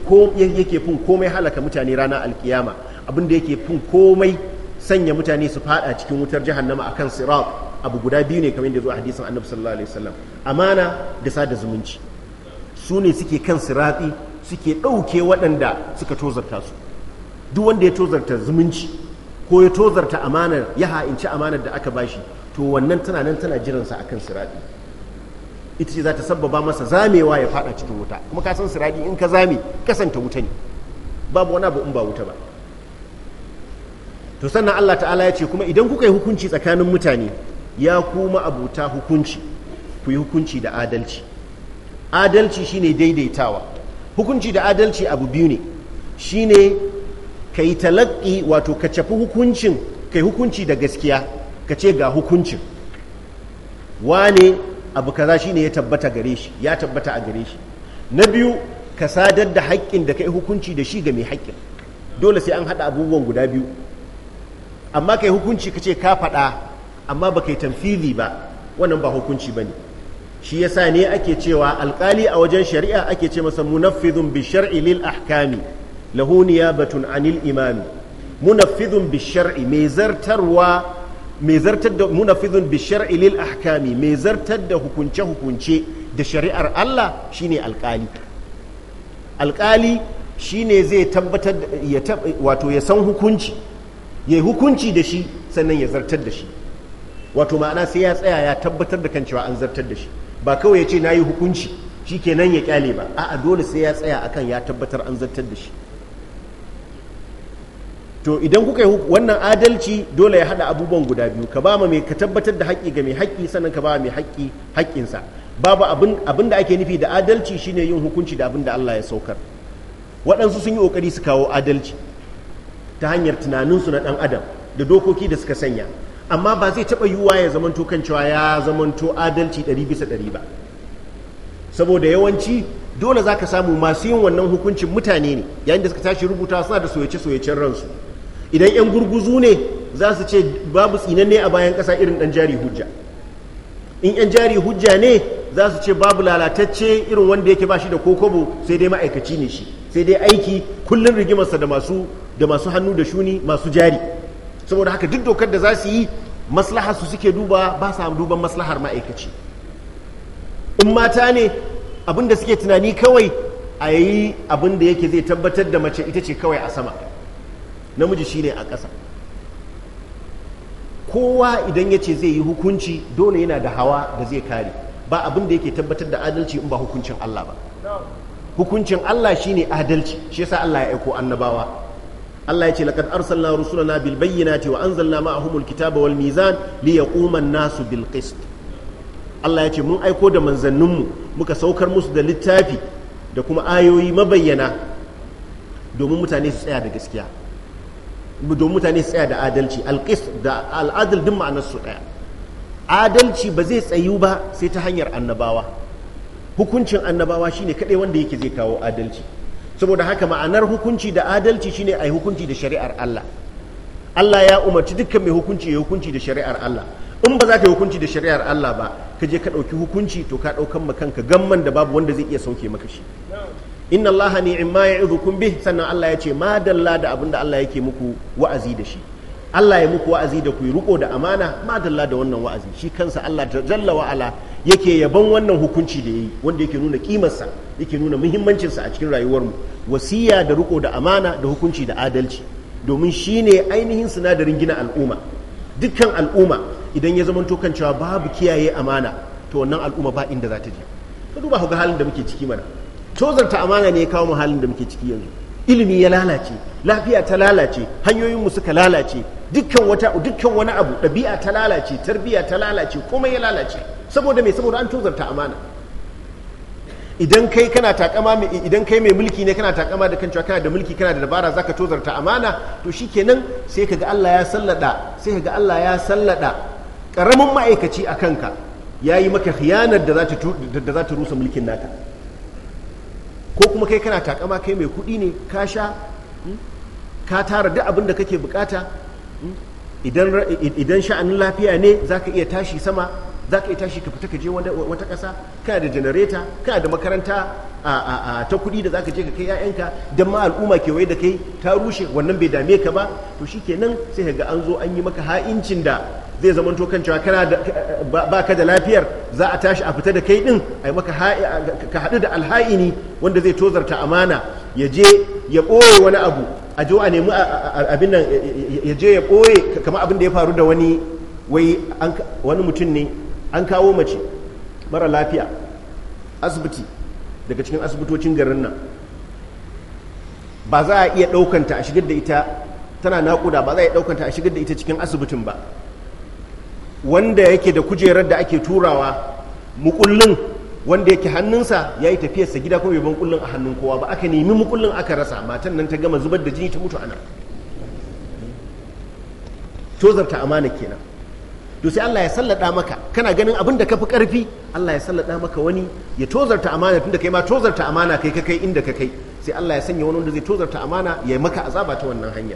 yake fin komai halaka mutane ranar alkiyama abin da yake fin komai sanya mutane su fada cikin wutar jahannama akan sirat abu guda biyu ne kamar yadda zo hadisin annabi sallallahu alaihi wasallam amana da sada zumunci su ne suke kan sirati suke ɗauke waɗanda suka tozarta su duk wanda ya tozarta zumunci ko ya tozarta amanar ya ha'inci amanar da aka bashi to wannan tana nan tana jiransa akan sirati ita ce za ta sabbaba masa zamewa ya fada cikin wuta kuma ka san siradi in ka zame kasanta wuta ne babu wani abu in ba wuta ba to sannan Allah ta'ala ya ce kuma idan kuka yi hukunci tsakanin mutane ya kuma abuta hukunci ku yi hukunci da adalci adalci shine daidaitawa hukunci da adalci abu biyu ne shine ka yi talaƙi wato ka cafi hukuncin ka yi hukunci da gaskiya ka ce ga hukuncin wane abu kaza shine ya tabbata gare shi ya tabbata a gare shi na biyu ka sadar da haƙƙin da kai hukunci da shi ga mai haƙƙin dole sai an haɗa abubuwan guda biyu amma kai hukunci ka ce ka faɗa amma ba kai tamfili ba wannan ba hukunci ba ne shi yasa ne ake cewa alƙali a wajen shari'a ake ce masa munaffidun bi shar'i lil ahkami lahu niyabatun anil imami munaffidun bi shar'i mai zartarwa mai zartar da munafizun bi ilil lil ahkami mai zartar da hukunce hukunce da shari'ar Allah shine alkali alkali shine zai tabbatar ya wato ya san hukunci ya hukunci da shi sannan ya zartar da shi wato ma'ana sai ya tsaya ya tabbatar da kan cewa an zartar da shi ba kawai ya ce na yi hukunci shi kenan ya kyale ba a'a dole sai ya tsaya akan ya tabbatar an zartar da shi to idan kuka yi wannan adalci dole ya hada abubuwan guda biyu ka ba ma mai ka tabbatar da haƙƙi ga mai haƙƙi sannan ka ba mai haƙƙi haƙƙinsa babu abin da ake nufi da adalci shine yin hukunci da abin da Allah ya saukar waɗansu sun yi ƙoƙari su kawo adalci ta hanyar tunaninsu na ɗan adam da dokoki da suka sanya amma ba zai taɓa yiwuwa ya zamanto kan cewa ya zamanto adalci ɗari bisa ɗari ba saboda yawanci dole za ka samu masu yin wannan hukuncin mutane ne yayin da suka tashi rubuta suna da soyace-soyacen ransu idan 'yan gurguzu ne za su ce babu tsinanne a bayan ƙasa irin dan jari hujja in 'yan jari hujja ne za su ce babu lalatacce irin wanda yake ba shi da kokobo sai dai ma'aikaci ne shi sai dai aiki kullum rigimarsa da masu da masu hannu da shuni masu jari saboda haka duk dokar da za su yi maslaha su suke duba ba sa duban maslahar ma'aikaci in mata ne abinda suke tunani kawai a yayi abinda yake zai tabbatar da mace ita ce kawai a sama namiji shine a ƙasa kowa idan ya ce zai yi hukunci dole yana da hawa da zai kare ba abin da yake tabbatar da adalci in ba hukuncin Allah ba hukuncin Allah shine adalci shi yasa Allah ya aiko annabawa Allah ya ce laqad arsalna rusulana bil bayyinati wa anzalna ma'ahumul kitaba wal mizan liya an-nasu bil Allah ya ce mun aiko da manzanninmu muka saukar musu da littafi da kuma ayoyi mabayyana domin mutane su tsaya da gaskiya domin mutane su tsaya da adalci alqis da al'adar din ma'anar su ɗaya. adalci ba zai tsayu ba sai ta hanyar annabawa hukuncin annabawa shine kaɗai wanda yake zai kawo adalci saboda haka ma'anar hukunci da adalci shine yi hukunci da shari'ar Allah Allah ya umarci dukkan mai hukunci ya hukunci da shari'ar Allah in ba za ka yi hukunci da shari'ar Allah ba ka je ka ɗauki hukunci to ka ɗaukan ma kanka gamman da babu wanda zai iya sauke maka shi inna allaha ni'ma ya'idhukum bih sannan Allah ya ce ma dalla da abinda Allah yake muku wa'azi da shi Allah ya muku wa'azi da ku riko da amana ma dalla da wannan wa'azi shi kansa Allah jalla wa ala yake yaban wannan hukunci da yayi wanda yake nuna kimarsa yake nuna muhimmancinsa a cikin rayuwar mu wasiya da ruko da amana da hukunci da adalci domin shine ainihin sinadarin gina al'umma dukkan al'umma idan ya zamanto kan cewa babu kiyaye amana to wannan al'umma ba inda za ta je ka duba ga halin da muke ciki mana tozarta amana ne ya kawo mu halin da muke ciki yanzu ilimi ya lalace lafiya ta lalace hanyoyinmu suka lalace dukkan wata dukkan wani abu ɗabi'a ta lalace tarbiya ta lalace komai ya lalace saboda me saboda an tozarta amana idan kai kana takama idan kai mai mulki ne kana takama da kanka kana da mulki kana da dabara zaka tozarta amana to shikenan sai kaga Allah ya sallada sai kaga Allah ya sallada karamin ma'aikaci a kanka yayi maka khiyanar da za ta da za ta rusa mulkin naka ko kuma kai kana takama kai mai kuɗi ne ka sha hmm? ka tara duk abin da kake bukata hmm? idan sha'anin lafiya ne za ka iya tashi sama za ka iya tashi ka fita ka je wata ƙasa kana da janareta kana da makaranta ta kuɗi da za ka je ka kai 'ya'yanka don ma al'umma kewaye da kai ta rushe wannan bai dame ka ba to shi kenan sai ga an zo an yi maka ha'incin da zai zama to kan cewa kana ba ka da lafiyar za a tashi a fita da kai din ai maka ka haɗu da alha'ini wanda zai tozarta amana ya je ya ɓoye wani abu a je a nemi abin nan ya je ya ɓoye kamar abin da ya faru da wani wai wani mutum ne an kawo mace mara lafiya asibiti daga cikin asibitocin garin nan ba za a iya ɗaukanta a shigar da ita tana naƙuda ba za a iya ɗaukanta a shigar da ita cikin asibitin ba wanda yake da kujerar da ake turawa mukullin wanda yake hannunsa ya yi tafiyarsa gida kuma yabon kullun a hannun kowa ba aka nemi mukullin aka rasa matan nan ta gama zubar da jini ta mutu ana tozarta amana kenan to sai Allah ya sallada maka kana ganin abin da kafi karfi Allah ya sallada maka wani ya tozarta amana tunda kai ma tozarta amana kai kai inda ka kai sai Allah ya sanya wani wanda zai tozarta amana ya maka azaba ta wannan hanya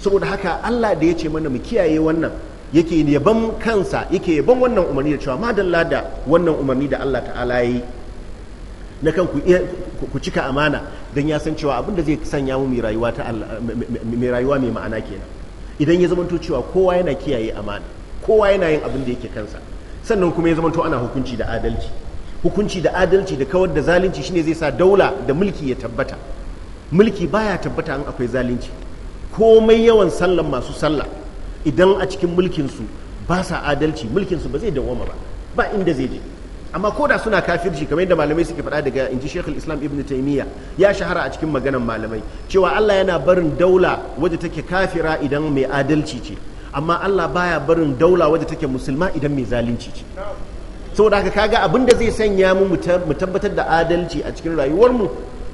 saboda haka Allah da ya ce mana mu kiyaye wannan yake yaban kansa yake yaban wannan umarni da cewa madalla da wannan umarni da Allah ta'ala yi na kan ku cika amana don ya san cewa abin da zai sanya mu mai rayuwa mai ma'ana kenan idan ya zamanto cewa kowa yana kiyaye amana kowa yana yin abin da yake kansa sannan kuma ya zamanto ana hukunci da adalci hukunci da adalci da kawar da zalunci shine zai sa daula da mulki ya tabbata mulki baya tabbata in akwai zalunci komai yawan sallan masu sallah idan a cikin mulkinsu ba sa adalci mulkinsu ba zai dawoma ba ba inda zai je amma ko da suna kafirci kamar yadda malamai suke faɗa daga inji shekul islam ibn taimiyya ya shahara a cikin maganan malamai cewa allah yana barin daula wadda take kafira idan mai adalci ce amma allah baya barin daula wadda take musulma idan mai zalunci ce saboda haka kaga abin da zai sanya mu mu tabbatar da adalci a cikin rayuwarmu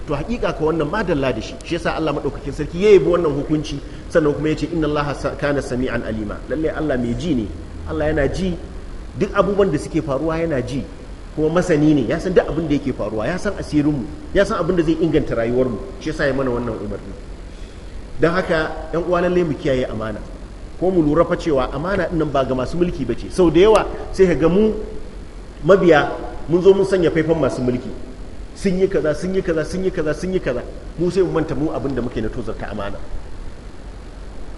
to hakika ka wannan madalla da shi shi yasa Allah madaukakin sarki ya bi wannan hukunci sannan kuma yace inna Allah kana sami'an alima lalle Allah mai ji ne Allah yana ji duk abubuwan da suke faruwa yana ji kuma masani ne ya san duk abin da yake faruwa ya san asirinmu ya san abin da zai inganta rayuwarmu shi yasa ya mana wannan umarni don haka yan uwa lalle mu kiyaye amana ko mu lura fa cewa amana din nan ba ga masu mulki bace sau da yawa sai ka ga mu mabiya mun zo mun sanya faifan masu mulki sun yi kaza sun yi kaza sun yi kaza sun yi kaza mu sai mu manta mu abin da muke na tozarta amana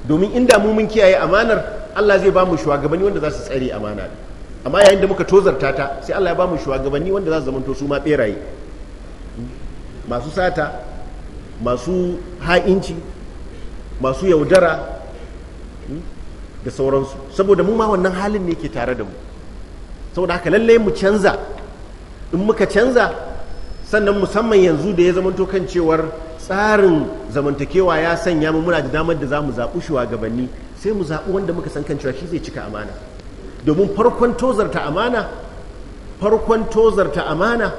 domin inda mu mun kiyaye amanar Allah zai ba mu shugabanni wanda za su tsare amana amma yayin da muka tozarta ta sai Allah ya ba mu shugabanni wanda za su zamanto su ma beraye masu sata masu ha'inci masu yaudara hmm, da sauransu saboda mu ma wannan halin ne ke tare da mu saboda haka lallai mu canza in muka canza sannan musamman yanzu da ya zamanto kan cewar tsarin zamantakewa ya sanya mu muna da damar da za mu zaɓi shugabanni sai mu zaɓi wanda muka san kan cewa shi zai cika amana domin farkon tozarta amana farkon tozarta amana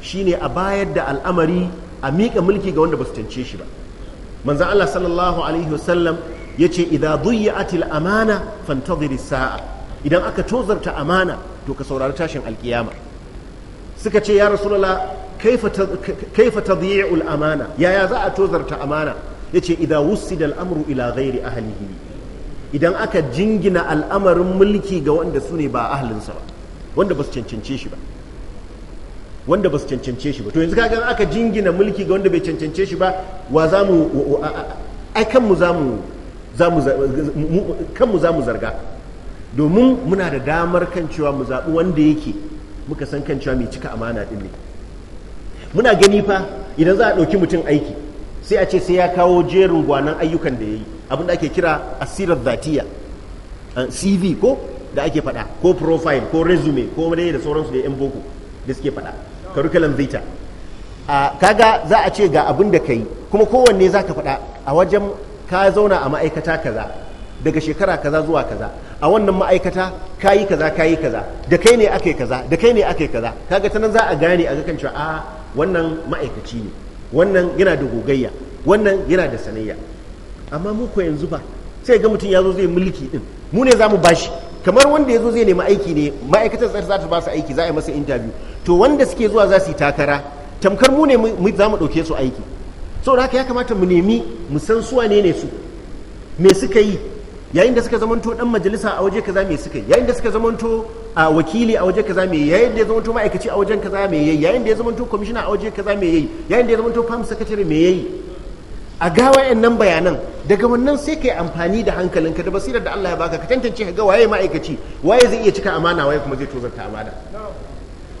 shine a bayar da al'amari a miƙa mulki ga wanda ba su cance shi ba manzan Allah sallallahu alaihi wasallam ya ce idan atil amana fantaziri sa'a idan aka tozarta amana to ka saurari tashin alkiyama suka ce ya rasulullah kaifa tadhi'ul amana yaya za a tozarta amana ya ce idan wussi da al'amuru ila ghairi ahlihi idan aka jingina al'amarin mulki ga wanda su ne ba ahlinsa ba wanda ba su cancance shi ba wanda ba su cancance shi ba to yanzu kagan aka jingina mulki ga wanda bai cancance shi ba wa za mu ai kanmu za mu kanmu za mu zarga domin muna da damar kan cewa mu zaɓi wanda yake muka san kan cewa mai cika amana ɗin ne muna gani fa idan za a ɗauki mutum aiki sai a ce sai ya kawo jerin gwanan ayyukan da ya yi abin da ake kira asirar zatiya eh, cv ko da ake faɗa ko profile ko resume ko dai da sauransu da yan boko da suke faɗa curriculum vita a kaga za a ce ga abin da ka yi kuma kowanne za ka faɗa a wajen ka zauna a ma'aikata kaza daga shekara kaza zuwa kaza a wannan ma'aikata kayi kaza kayi kaza da kai ne aka yi kaza da kai ne aka yi kaza kaga ta za a gane a ga kan cewa a ah, wannan ma'aikaci ne wannan yana da gogayya wannan yana da sanayya amma mu ko yanzu ba sai ga mutum ya zo zai mulki din mu ne za mu bashi kamar wanda ya zo zai nemi aiki ne ma'aikatar tsar za ta ba su aiki za a yi masa interview to wanda suke zuwa za su yi takara tamkar mu ne za mu ɗauke su aiki so haka ya kamata mu nemi mu san su wane ne su me suka yi yayin da suka zamanto dan majalisa a waje kaza me suka yi yayin da suka zamanto a wakili a waje kaza me yayin da ya zama to ma'aikaci a wajen kaza me yayi yayin da ya zama to kwamishina a waje kaza me yayi yayin da ya zama to farm sakatare me yayi a ga wayannan bayanan daga wannan sai kai amfani da hankalinka da basirar da Allah ya baka ka tantance ka ga waye ma'aikaci waye zai iya cika amana waye kuma zai tozarta amana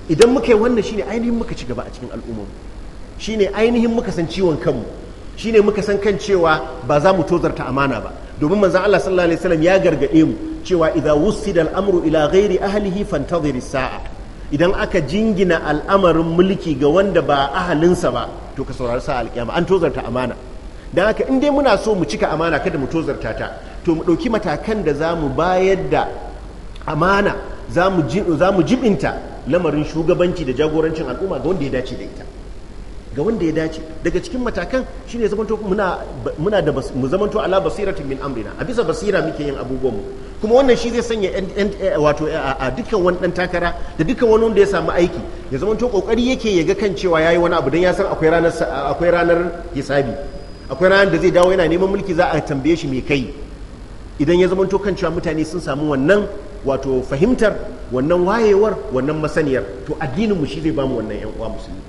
idan muka yi wannan shine ainihin muka ci gaba a cikin al'ummar shine ainihin muka san ciwon kanmu shine muka san kan cewa ba za mu tozarta amana ba domin manzon Allah sallallahu alaihi wasallam ya gargade mu cewa wusi wusida al’amuru ila gairi ahlihi fantazir sa'a idan aka jingina al'amarin mulki ga wanda ba ahalinsa ba to ka saurari sa alƙiyama an tozarta amana don haka in dai muna so mu cika amana kada mu tozarta ta to mu ɗauki matakan da za mu bayar da amana za mu jibinta lamarin shugabanci da jagorancin al'umma ga wanda ya dace da ita ga wanda ya dace daga cikin matakan shine zamanto muna da mu zamanto ala basiratin min amrina a bisa basira muke yin abubuwan mu kuma wannan shi zai sanya eh, wato eh, a dukkan wani dan takara da dukkan wani wanda ya samu aiki ya zama to kokari yake ya ga kan cewa yayi wani abu dan ya san akwai ranar akwai ranar hisabi akwai ranar da zai dawo yana neman mulki za a tambaye shi me kai idan ya zama to kan cewa mutane sun samu wannan wato fahimtar wannan wayewar wannan masaniyar to addinin mu shi zai bamu wannan yan uwa musulmi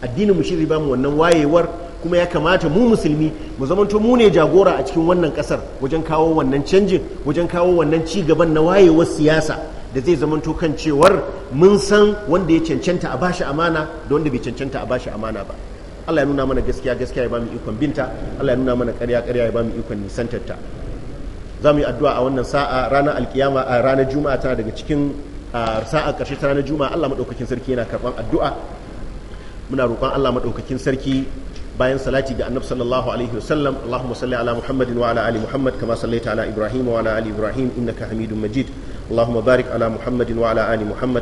addinin mu shi zai bamu wannan wayewar kuma ya kamata mu musulmi mu zamanto mu ne jagora a cikin wannan kasar wajen kawo wannan canjin wajen kawo wannan ci gaban na wayewar siyasa da zai zamanto kan cewar mun san wanda ya cancanta a bashi amana da wanda bai cancanta a bashi amana ba Allah ya nuna mana gaskiya gaskiya ya bamu ikon binta Allah ya nuna mana ƙarya ƙarya ya bamu ikon nisantarta za mu yi addu'a a wannan sa'a ranar alkiyama a ranar juma'a tana daga cikin sa'a ƙarshe ta ranar juma'a Allah maɗaukakin sarki yana karɓan addu'a muna roƙon Allah maɗaukakin sarki bayan salati ga annabi sallallahu alaihi wasallam Allahumma salli ala Muhammadin wa ala ali Muhammad kama sallaita ala Ibrahim wa ala ali Ibrahim innaka Hamidum Majid Muhammad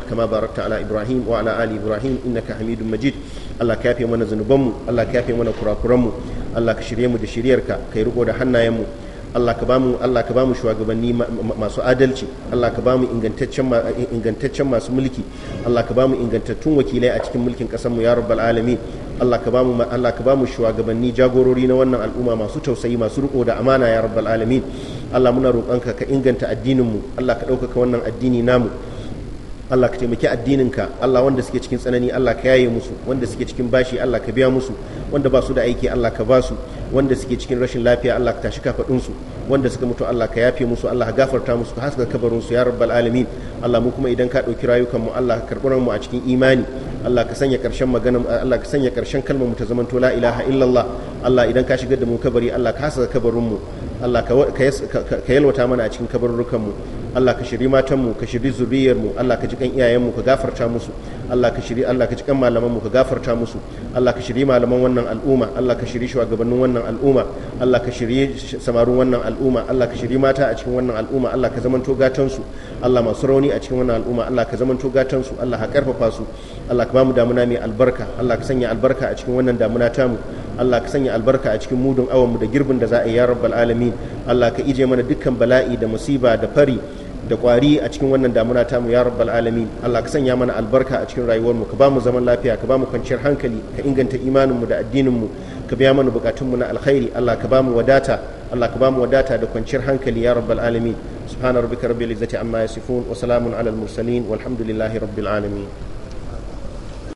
kama barakta ala Ibrahim wa ala ali Ibrahim innaka Hamidum Majid Allah ka yafe mana zanubanmu Allah ka yafe mana kurakuranmu Allah ka shirye mu da دشريرك kai رقو da hannayenmu Allah ka bamu Allah ka bamu shugabanni masu adalci Allah ka bamu ingantaccen ingantaccen masu mulki Allah ka bamu ingantattun wakilai a cikin mulkin kasar mu ya rabbal alamin Allah ka ba mu Allah shugabanni jagorori na wannan al'umma masu tausayi masu riko da amana ya rabbal alamin Allah muna roƙonka ka inganta addinin mu Allah ka ɗaukaka wannan addini namu Allah ka taimaki addininka Allah wanda suke cikin tsanani Allah ka yaye musu wanda suke cikin bashi Allah ka biya musu wanda ba su da aiki Allah ka ba su wanda suke cikin rashin lafiya Allah ka tashi kafadunsu wanda suka mutu Allah ka yafe musu Allah ka gafarta musu ka haska kabarinsu ya rabbal alamin Allah mu kuma idan ka ɗauki rayukan mu Allah ka karɓi mu a cikin imani Allah ka sanya karshen magana Allah ka sanya karshen kalmar mu ta zamanto la ilaha illallah Allah idan ka shigar da mu kabari Allah ka hasa kabarin mu Allah ka yalwata mana a cikin kabarurrukan mu Allah ka shiri matan mu ka shiri zuriyar mu Allah ka ji kan iyayen mu ka gafarta musu Allah ka shiri Allah ka cikan malaman mu ka gafarta musu Allah ka shiri malaman wannan al'umma Allah ka shiri shugabannin wannan al'umma Allah ka shiri samarun wannan al'umma Allah ka shiri mata a cikin wannan al'umma Allah ka zamanto gatan su Allah masu rauni a cikin wannan al'umma Allah ka zamanto gatan su Allah ka karfafa su Allah ka bamu damuna mai albarka Allah ka sanya albarka a cikin wannan damuna tamu Allah ka sanya albarka a cikin mudun mu da girbin da za a yi ya rabbal alamin Allah ka ije mana dukkan bala'i da musiba da fari da kwari a cikin wannan damuna tamu ya rabbal alamin Allah ka sanya mana albarka a cikin rayuwarmu ka ba mu zaman lafiya ka ba mu kwanciyar hankali ka inganta imanin mu da addinin mu ka biya mana bukatun mu na alkhairi Allah ka ba mu wadata Allah ka ba mu wadata da kwanciyar hankali ya rabbal alamin subhana rabbika rabbil izzati amma yasifun wa salamun alal mursalin walhamdulillahi rabbil alamin